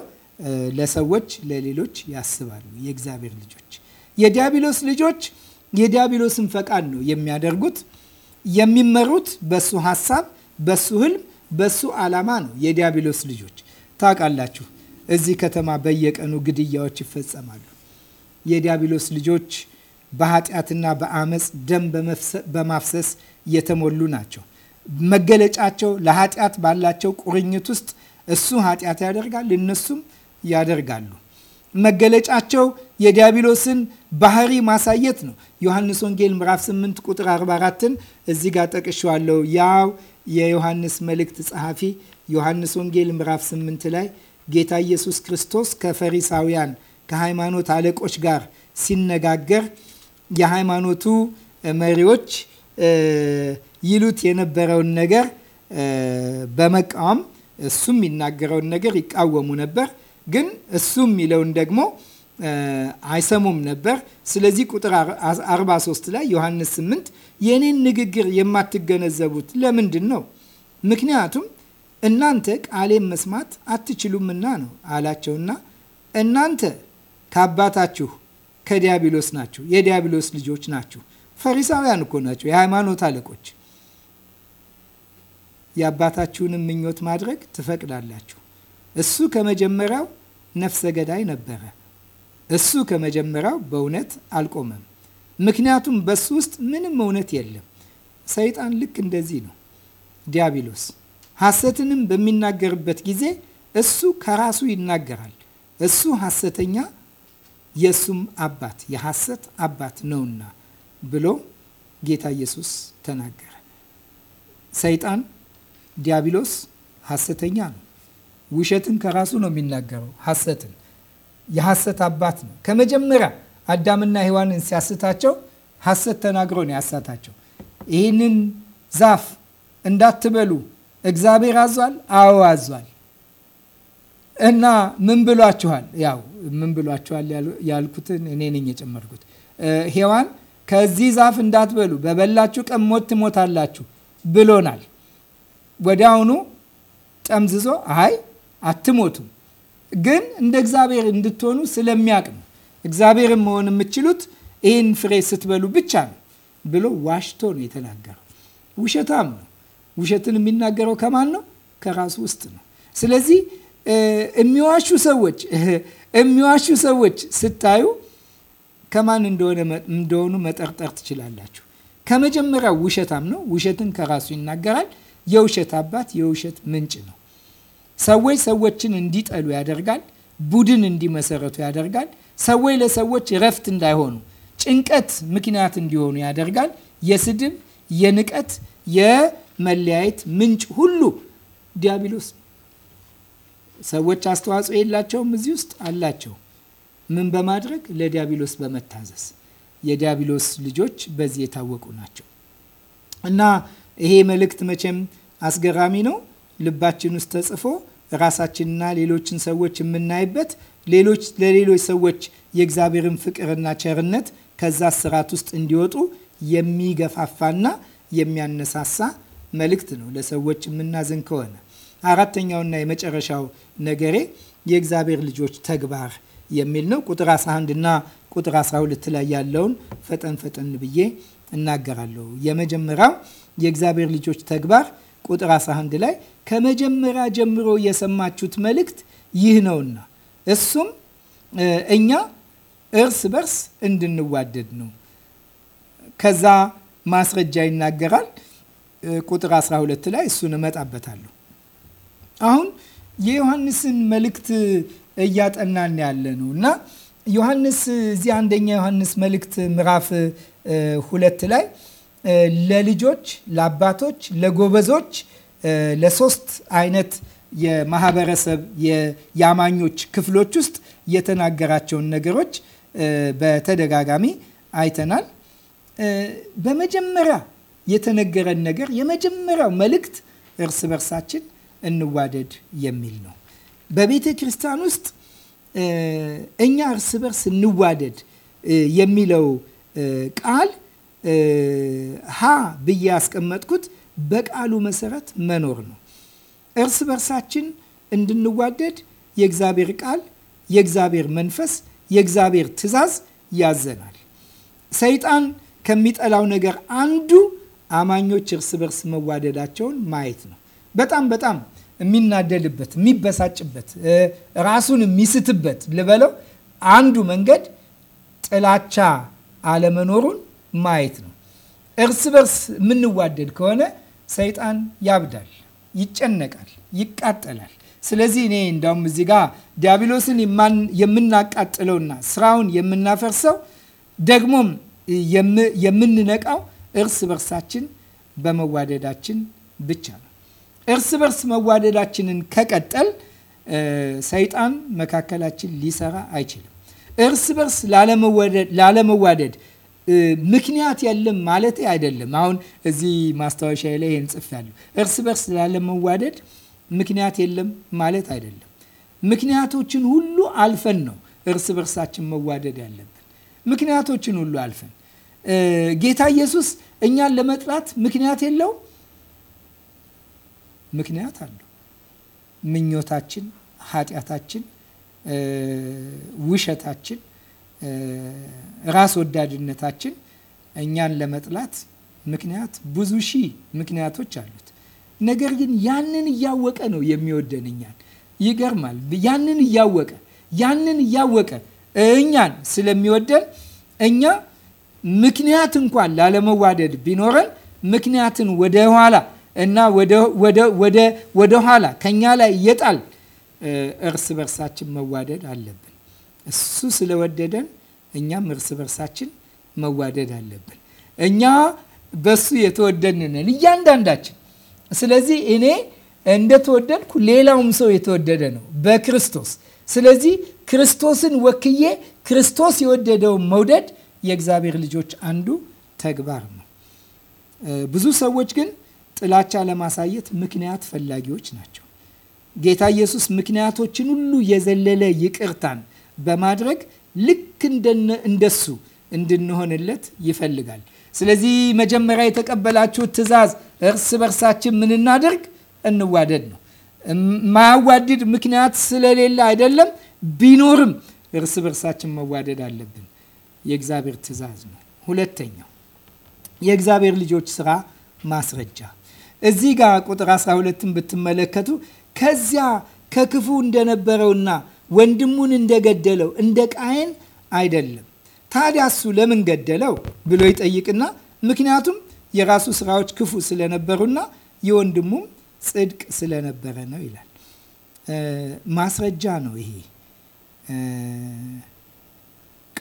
Speaker 1: ለሰዎች ለሌሎች ያስባሉ። የእግዚአብሔር ልጆች የዲያብሎስ ልጆች የዲያብሎስን ፈቃድ ነው የሚያደርጉት። የሚመሩት በሱ ሀሳብ፣ በሱ ህልም፣ በሱ ዓላማ ነው። የዲያብሎስ ልጆች ታውቃላችሁ፣ እዚህ ከተማ በየቀኑ ግድያዎች ይፈጸማሉ። የዲያብሎስ ልጆች በኃጢአትና በአመፅ ደም በማፍሰስ የተሞሉ ናቸው። መገለጫቸው ለኃጢአት ባላቸው ቁርኝት ውስጥ እሱ ኃጢአት ያደርጋል፣ እነሱም ያደርጋሉ። መገለጫቸው የዲያብሎስን ባህሪ ማሳየት ነው። ዮሐንስ ወንጌል ምዕራፍ 8 ቁጥር 44ን እዚህ ጋር ጠቅሸዋለሁ። ያው የዮሐንስ መልእክት ጸሐፊ ዮሐንስ ወንጌል ምዕራፍ 8 ላይ ጌታ ኢየሱስ ክርስቶስ ከፈሪሳውያን ከሃይማኖት አለቆች ጋር ሲነጋገር የሃይማኖቱ መሪዎች ይሉት የነበረውን ነገር በመቃወም እሱም የሚናገረውን ነገር ይቃወሙ ነበር። ግን እሱ የሚለውን ደግሞ አይሰሙም ነበር። ስለዚህ ቁጥር 43 ላይ ዮሐንስ 8 የእኔን ንግግር የማትገነዘቡት ለምንድን ነው? ምክንያቱም እናንተ ቃሌን መስማት አትችሉምና ነው አላቸውና እናንተ ከአባታችሁ ከዲያብሎስ ናችሁ፣ የዲያብሎስ ልጆች ናችሁ። ፈሪሳውያን እኮ ናቸው፣ የሃይማኖት አለቆች። የአባታችሁንም ምኞት ማድረግ ትፈቅዳላችሁ። እሱ ከመጀመሪያው ነፍሰ ገዳይ ነበረ። እሱ ከመጀመሪያው በእውነት አልቆመም፣ ምክንያቱም በሱ ውስጥ ምንም እውነት የለም። ሰይጣን ልክ እንደዚህ ነው። ዲያብሎስ ሐሰትንም በሚናገርበት ጊዜ እሱ ከራሱ ይናገራል። እሱ ሐሰተኛ የእሱም አባት የሐሰት አባት ነውና ብሎ ጌታ ኢየሱስ ተናገረ። ሰይጣን ዲያብሎስ ሐሰተኛ ነው። ውሸትን ከራሱ ነው የሚናገረው። ሐሰትን የሐሰት አባት ነው። ከመጀመሪያ አዳምና ሔዋንን ሲያስታቸው ሐሰት ተናግሮ ነው ያሳታቸው። ይህንን ዛፍ እንዳትበሉ እግዚአብሔር አዟል። አዎ አዟል። እና ምን ብሏችኋል? ያው ምን ብሏችኋል ያልኩትን እኔ ነኝ የጨመርኩት። ሔዋን ከዚህ ዛፍ እንዳትበሉ በበላችሁ ቀን ሞት ትሞታላችሁ ብሎናል። ወዲያውኑ ጠምዝዞ አይ አትሞቱም። ግን እንደ እግዚአብሔር እንድትሆኑ ስለሚያቅ ነው። እግዚአብሔርን መሆን የምትችሉት ይህን ፍሬ ስትበሉ ብቻ ነው ብሎ ዋሽቶ ነው የተናገረው። ውሸታም ነው። ውሸትን የሚናገረው ከማን ነው? ከራሱ ውስጥ ነው። ስለዚህ የሚዋሹ ሰዎች የሚዋሹ ሰዎች ስታዩ ከማን እንደሆነ እንደሆኑ መጠርጠር ትችላላችሁ። ከመጀመሪያው ውሸታም ነው። ውሸትን ከራሱ ይናገራል። የውሸት አባት የውሸት ምንጭ ነው። ሰዎች ሰዎችን እንዲጠሉ ያደርጋል። ቡድን እንዲመሰረቱ ያደርጋል። ሰዎች ለሰዎች እረፍት እንዳይሆኑ፣ ጭንቀት ምክንያት እንዲሆኑ ያደርጋል። የስድብ፣ የንቀት፣ የመለያየት ምንጭ ሁሉ ዲያብሎስ። ሰዎች አስተዋጽኦ የላቸውም እዚህ ውስጥ አላቸው። ምን በማድረግ ለዲያብሎስ በመታዘዝ የዲያብሎስ ልጆች በዚህ የታወቁ ናቸው። እና ይሄ መልእክት መቼም አስገራሚ ነው። ልባችን ውስጥ ተጽፎ ራሳችንና ሌሎችን ሰዎች የምናይበት ሌሎች ለሌሎች ሰዎች የእግዚአብሔርን ፍቅርና ቸርነት ከዛ ስርዓት ውስጥ እንዲወጡ የሚገፋፋና የሚያነሳሳ መልእክት ነው ለሰዎች የምናዝን ከሆነ። አራተኛውና የመጨረሻው ነገሬ የእግዚአብሔር ልጆች ተግባር የሚል ነው። ቁጥር 11 እና ቁጥር 12 ላይ ያለውን ፈጠን ፈጠን ብዬ እናገራለሁ። የመጀመሪያው የእግዚአብሔር ልጆች ተግባር ቁጥር 11 ላይ ከመጀመሪያ ጀምሮ የሰማችሁት መልእክት ይህ ነውና እሱም እኛ እርስ በርስ እንድንዋደድ ነው። ከዛ ማስረጃ ይናገራል ቁጥር 12 ላይ እሱን እመጣበታለሁ። አሁን የዮሐንስን መልእክት እያጠናን ያለ ነው እና ዮሐንስ እዚህ አንደኛ ዮሐንስ መልእክት ምዕራፍ ሁለት ላይ ለልጆች፣ ለአባቶች፣ ለጎበዞች ለሶስት አይነት የማህበረሰብ የአማኞች ክፍሎች ውስጥ የተናገራቸውን ነገሮች በተደጋጋሚ አይተናል። በመጀመሪያ የተነገረን ነገር የመጀመሪያው መልእክት እርስ በርሳችን እንዋደድ የሚል ነው። በቤተ ክርስቲያን ውስጥ እኛ እርስ በርስ እንዋደድ የሚለው ቃል ሀ ብዬ ያስቀመጥኩት በቃሉ መሰረት መኖር ነው። እርስ በርሳችን እንድንዋደድ የእግዚአብሔር ቃል፣ የእግዚአብሔር መንፈስ፣ የእግዚአብሔር ትእዛዝ ያዘናል። ሰይጣን ከሚጠላው ነገር አንዱ አማኞች እርስ በርስ መዋደዳቸውን ማየት ነው። በጣም በጣም የሚናደድበት የሚበሳጭበት፣ ራሱን የሚስትበት ልበለው አንዱ መንገድ ጥላቻ አለመኖሩን ማየት ነው። እርስ በርስ የምንዋደድ ከሆነ ሰይጣን ያብዳል፣ ይጨነቃል፣ ይቃጠላል። ስለዚህ እኔ እንዳውም እዚህ ጋ ዲያብሎስን የምናቃጥለውና ስራውን የምናፈርሰው ደግሞም የምንነቃው እርስ በርሳችን በመዋደዳችን ብቻ ነው። እርስ በርስ መዋደዳችንን ከቀጠል ሰይጣን መካከላችን ሊሰራ አይችልም። እርስ በርስ ላለመዋደድ ምክንያት የለም ማለት አይደለም። አሁን እዚህ ማስታወሻ ላይ ይህን ጽፌያለሁ። እርስ በርስ ላለመዋደድ ምክንያት የለም ማለት አይደለም። ምክንያቶችን ሁሉ አልፈን ነው እርስ በርሳችን መዋደድ ያለብን። ምክንያቶችን ሁሉ አልፈን ጌታ ኢየሱስ እኛን ለመጥላት ምክንያት የለው? ምክንያት አለው። ምኞታችን፣ ኃጢአታችን፣ ውሸታችን ራስ ወዳድነታችን እኛን ለመጥላት ምክንያት ብዙ ሺህ ምክንያቶች አሉት። ነገር ግን ያንን እያወቀ ነው የሚወደን እኛን። ይገርማል። ያንን እያወቀ ያንን እያወቀ እኛን ስለሚወደን እኛ ምክንያት እንኳን ላለመዋደድ ቢኖረን ምክንያትን ወደ ኋላ እና ወደ ኋላ ከኛ ላይ የጣል እርስ በርሳችን መዋደድ አለብን። እሱ ስለወደደን እኛም እርስ በርሳችን መዋደድ አለብን። እኛ በሱ የተወደድን እያንዳንዳችን። ስለዚህ እኔ እንደተወደድኩ ሌላውም ሰው የተወደደ ነው በክርስቶስ። ስለዚህ ክርስቶስን ወክዬ ክርስቶስ የወደደውን መውደድ የእግዚአብሔር ልጆች አንዱ ተግባር ነው። ብዙ ሰዎች ግን ጥላቻ ለማሳየት ምክንያት ፈላጊዎች ናቸው። ጌታ ኢየሱስ ምክንያቶችን ሁሉ የዘለለ ይቅርታን በማድረግ ልክ እንደሱ እንድንሆንለት ይፈልጋል። ስለዚህ መጀመሪያ የተቀበላችሁ ትእዛዝ እርስ በርሳችን ምን እናደርግ? እንዋደድ ነው። ማያዋድድ ምክንያት ስለሌለ አይደለም። ቢኖርም እርስ በርሳችን መዋደድ አለብን። የእግዚአብሔር ትእዛዝ ነው። ሁለተኛው የእግዚአብሔር ልጆች ስራ ማስረጃ እዚህ ጋር ቁጥር 12ን ብትመለከቱ ከዚያ ከክፉ እንደነበረውና ወንድሙን እንደገደለው እንደ ቃየን አይደለም። ታዲያ እሱ ለምን ገደለው ብሎ ይጠይቅና ምክንያቱም የራሱ ስራዎች ክፉ ስለነበሩና የወንድሙም ጽድቅ ስለነበረ ነው ይላል። ማስረጃ ነው ይሄ።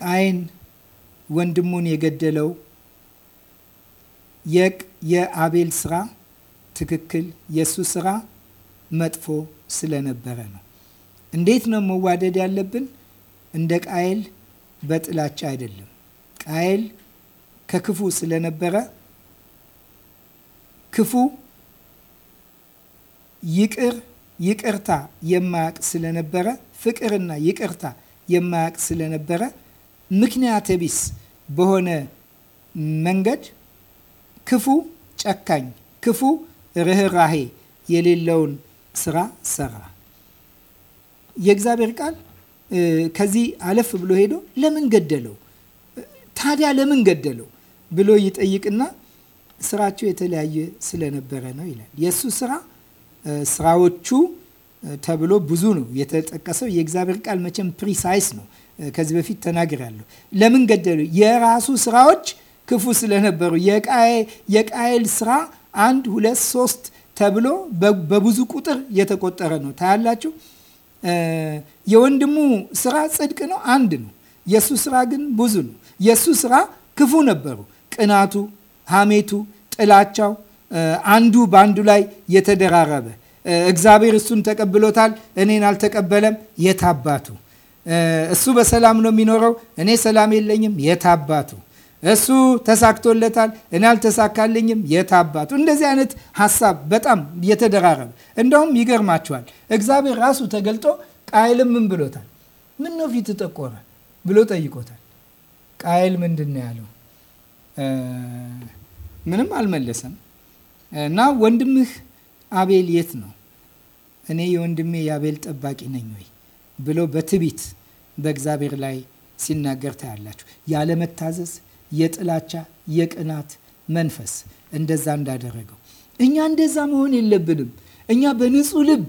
Speaker 1: ቃይን ወንድሙን የገደለው የአቤል ስራ ትክክል፣ የእሱ ስራ መጥፎ ስለነበረ ነው። እንዴት ነው መዋደድ ያለብን? እንደ ቃየል በጥላቻ አይደለም። ቃየል ከክፉ ስለነበረ ክፉ ይቅር ይቅርታ የማያቅ ስለነበረ ፍቅርና ይቅርታ የማያቅ ስለነበረ ምክንያት ቢስ በሆነ መንገድ ክፉ ጨካኝ፣ ክፉ ርኅራሄ የሌለውን ስራ ሰራ። የእግዚአብሔር ቃል ከዚህ አለፍ ብሎ ሄዶ ለምን ገደለው ታዲያ ለምን ገደለው ብሎ ይጠይቅና ስራቸው የተለያየ ስለነበረ ነው ይላል። የእሱ ስራ ስራዎቹ ተብሎ ብዙ ነው የተጠቀሰው። የእግዚአብሔር ቃል መቼም ፕሪሳይስ ነው። ከዚህ በፊት ተናግራለሁ። ለምን ገደለው? የራሱ ስራዎች ክፉ ስለነበሩ የቃየል ስራ አንድ ሁለት ሶስት ተብሎ በብዙ ቁጥር የተቆጠረ ነው። ታያላችሁ። የወንድሙ ስራ ጽድቅ ነው፣ አንድ ነው። የእሱ ስራ ግን ብዙ ነው። የእሱ ስራ ክፉ ነበሩ። ቅናቱ፣ ሐሜቱ፣ ጥላቻው አንዱ በአንዱ ላይ የተደራረበ እግዚአብሔር እሱን ተቀብሎታል፣ እኔን አልተቀበለም። የታባቱ እሱ በሰላም ነው የሚኖረው፣ እኔ ሰላም የለኝም። የታባቱ እሱ ተሳክቶለታል፣ እኔ አልተሳካልኝም፣ የት አባቱ። እንደዚህ አይነት ሀሳብ በጣም የተደራረበ እንደውም ይገርማችኋል፣ እግዚአብሔር ራሱ ተገልጦ ቃይልም ምን ብሎታል? ምን ነው ፊት ጠቆረ ብሎ ጠይቆታል። ቃየል ምንድን ነው ያለው? ምንም አልመለሰም። እና ወንድምህ አቤል የት ነው? እኔ የወንድሜ የአቤል ጠባቂ ነኝ ወይ ብሎ በትቢት በእግዚአብሔር ላይ ሲናገር ታያላችሁ ያለመታዘዝ የጥላቻ የቅናት መንፈስ እንደዛ እንዳደረገው እኛ እንደዛ መሆን የለብንም። እኛ በንጹህ ልብ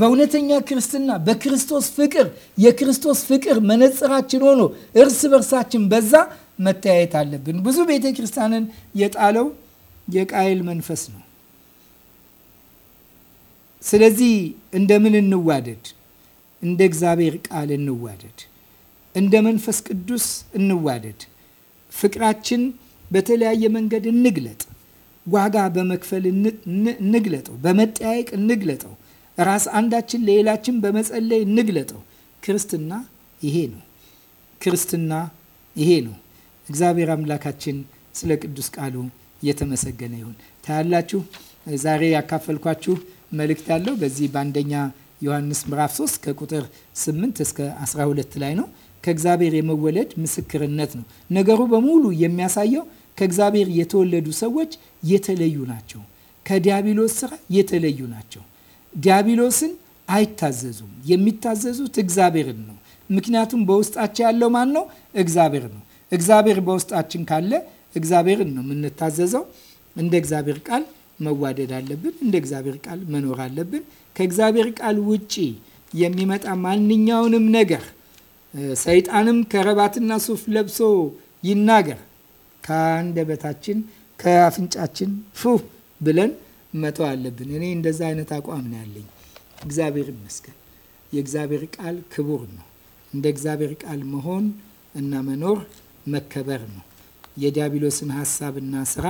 Speaker 1: በእውነተኛ ክርስትና በክርስቶስ ፍቅር የክርስቶስ ፍቅር መነጽራችን ሆኖ እርስ በርሳችን በዛ መተያየት አለብን። ብዙ ቤተ ክርስቲያንን የጣለው የቃይል መንፈስ ነው። ስለዚህ እንደምን እንዋደድ? እንደ እግዚአብሔር ቃል እንዋደድ፣ እንደ መንፈስ ቅዱስ እንዋደድ። ፍቅራችን በተለያየ መንገድ እንግለጥ። ዋጋ በመክፈል እንግለጠው፣ በመጠያየቅ እንግለጠው፣ ራስ አንዳችን ለሌላችን በመጸለይ እንግለጠው። ክርስትና ይሄ ነው። ክርስትና ይሄ ነው። እግዚአብሔር አምላካችን ስለ ቅዱስ ቃሉ እየተመሰገነ ይሁን። ታያላችሁ፣ ዛሬ ያካፈልኳችሁ መልእክት ያለው በዚህ በአንደኛ ዮሐንስ ምዕራፍ 3 ከቁጥር 8 እስከ 12 ላይ ነው። ከእግዚአብሔር የመወለድ ምስክርነት ነው። ነገሩ በሙሉ የሚያሳየው ከእግዚአብሔር የተወለዱ ሰዎች የተለዩ ናቸው። ከዲያብሎስ ስራ የተለዩ ናቸው። ዲያብሎስን አይታዘዙም። የሚታዘዙት እግዚአብሔርን ነው። ምክንያቱም በውስጣቸው ያለው ማን ነው? እግዚአብሔር ነው። እግዚአብሔር በውስጣችን ካለ እግዚአብሔርን ነው የምንታዘዘው። እንደ እግዚአብሔር ቃል መዋደድ አለብን። እንደ እግዚአብሔር ቃል መኖር አለብን። ከእግዚአብሔር ቃል ውጪ የሚመጣ ማንኛውንም ነገር ሰይጣንም ከረባትና ሱፍ ለብሶ ይናገር ከአንደበታችን ከአፍንጫችን ፉ ብለን መተው አለብን። እኔ እንደዛ አይነት አቋም ነው ያለኝ። እግዚአብሔር ይመስገን። የእግዚአብሔር ቃል ክቡር ነው። እንደ እግዚአብሔር ቃል መሆን እና መኖር መከበር ነው። የዲያብሎስን ሀሳብና ስራ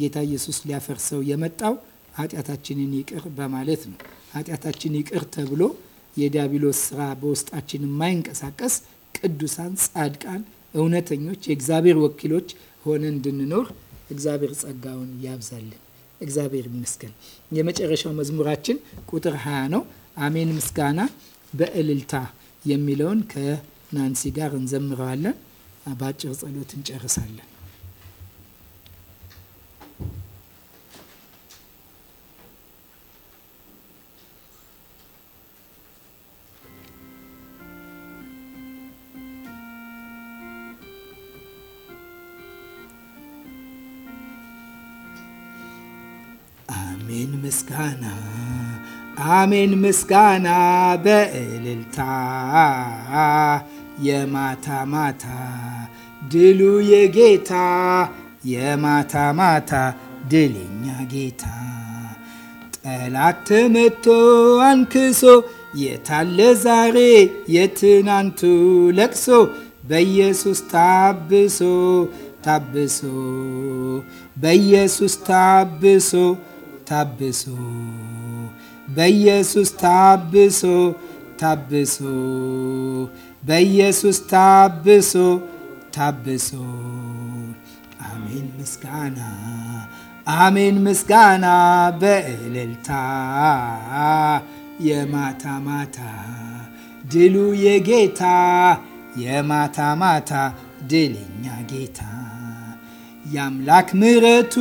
Speaker 1: ጌታ ኢየሱስ ሊያፈርሰው የመጣው ኃጢአታችንን ይቅር በማለት ነው። ኃጢአታችን ይቅር ተብሎ የዲያብሎስ ስራ በውስጣችን የማይንቀሳቀስ ቅዱሳን፣ ጻድቃን፣ እውነተኞች የእግዚአብሔር ወኪሎች ሆነ እንድንኖር እግዚአብሔር ጸጋውን ያብዛልን። እግዚአብሔር ይመስገን። የመጨረሻው መዝሙራችን ቁጥር 20 ነው። አሜን ምስጋና በእልልታ የሚለውን ከናንሲ ጋር እንዘምረዋለን። በአጭር ጸሎት እንጨርሳለን። አሜን ምስጋና በእልልታ የማታ ማታ ድሉ የጌታ የማታ ማታ ድልኛ ጌታ ጠላት ተመቶ አንክሶ የታለ ዛሬ የትናንቱ ለቅሶ በኢየሱስ ታብሶ ታብሶ በኢየሱስ ታብሶ ታብሶ በኢየሱስ ታብሶ ታብሶ በኢየሱስ ታብሶ ታብሶ አሜን ምስጋና አሜን ምስጋና በእልልታ የማታ ማታ ድሉ የጌታ የማታ ማታ ድልኛ ጌታ የአምላክ ምሕረቱ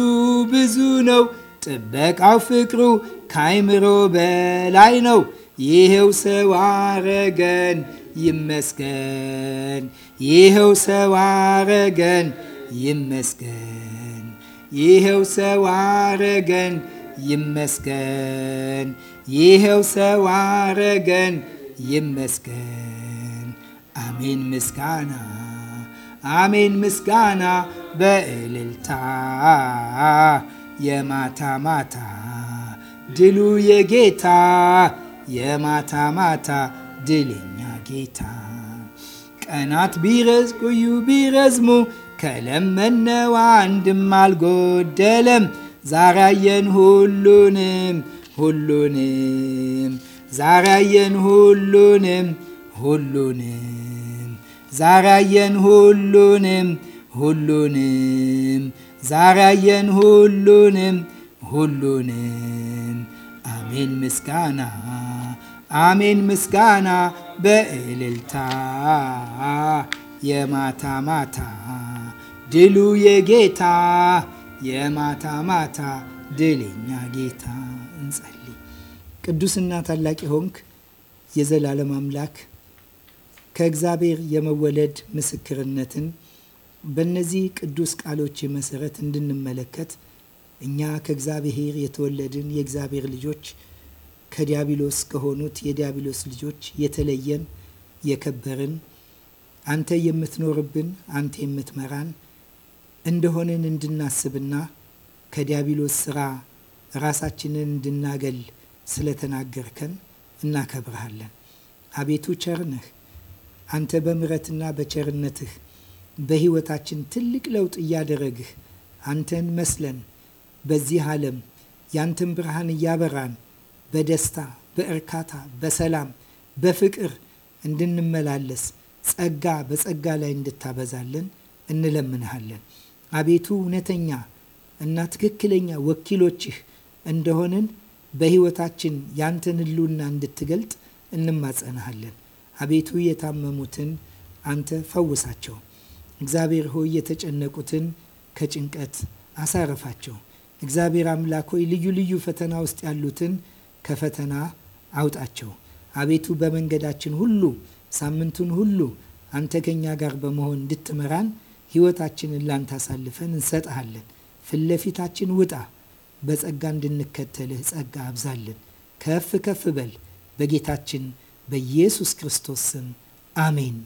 Speaker 1: ብዙ ነው ጥበቃው ፍቅሩ ከአይምሮ በላይ ነው። ይኸው ሰው አረገን ይመስገን፣ ይኸው ሰው አረገን ይመስገን፣ ይኸው ሰው አረገን ይመስገን፣ ይኸው ሰው አረገን ይመስገን። አሜን ምስጋና አሜን ምስጋና በእልልታ የማታ ማታ ድሉ የጌታ የማታ ማታ ድለኛ ጌታ ቀናት ቢረዝቁዩ ቢረዝሙ ከለመነው አንድም አልጎደለም። ዛራየን ሁሉንም ሁሉንም ዛራየን ሁሉንም ሁሉንም ዛራየን ሁሉንም ሁሉንም ዛራየን ሁሉንም ሁሉንም አሜን ምስጋና አሜን ምስጋና በእልልታ የማታ ማታ ድሉ የጌታ የማታ ማታ ድልኛ ጌታ እንጸልይ። ቅዱስና ታላቅ ሆንክ የዘላለም አምላክ ከእግዚአብሔር የመወለድ ምስክርነትን በእነዚህ ቅዱስ ቃሎች መሰረት እንድንመለከት እኛ ከእግዚአብሔር የተወለድን የእግዚአብሔር ልጆች ከዲያብሎስ ከሆኑት የዲያብሎስ ልጆች የተለየን የከበርን አንተ የምትኖርብን አንተ የምትመራን እንደሆንን እንድናስብና ከዲያብሎስ ስራ ራሳችንን እንድናገል ስለተናገርከን እናከብረሃለን። አቤቱ ቸር ነህ። አንተ በምረትና በቸርነትህ በሕይወታችን ትልቅ ለውጥ እያደረግህ አንተን መስለን በዚህ ዓለም ያንተን ብርሃን እያበራን በደስታ፣ በእርካታ፣ በሰላም፣ በፍቅር እንድንመላለስ ጸጋ በጸጋ ላይ እንድታበዛልን እንለምንሃለን። አቤቱ እውነተኛ እና ትክክለኛ ወኪሎችህ እንደሆንን በሕይወታችን ያንተን ሕልውና እንድትገልጥ እንማጸንሃለን። አቤቱ የታመሙትን አንተ ፈውሳቸው። እግዚአብሔር ሆይ የተጨነቁትን ከጭንቀት አሳርፋቸው። እግዚአብሔር አምላክ ሆይ ልዩ ልዩ ፈተና ውስጥ ያሉትን ከፈተና አውጣቸው። አቤቱ በመንገዳችን ሁሉ ሳምንቱን ሁሉ አንተ ከኛ ጋር በመሆን እንድትመራን ሕይወታችንን ላንተ አሳልፈን እንሰጥሃለን። ፍለፊታችን ውጣ። በጸጋ እንድንከተልህ ጸጋ አብዛልን። ከፍ ከፍ በል። በጌታችን በኢየሱስ ክርስቶስ ስም አሜን።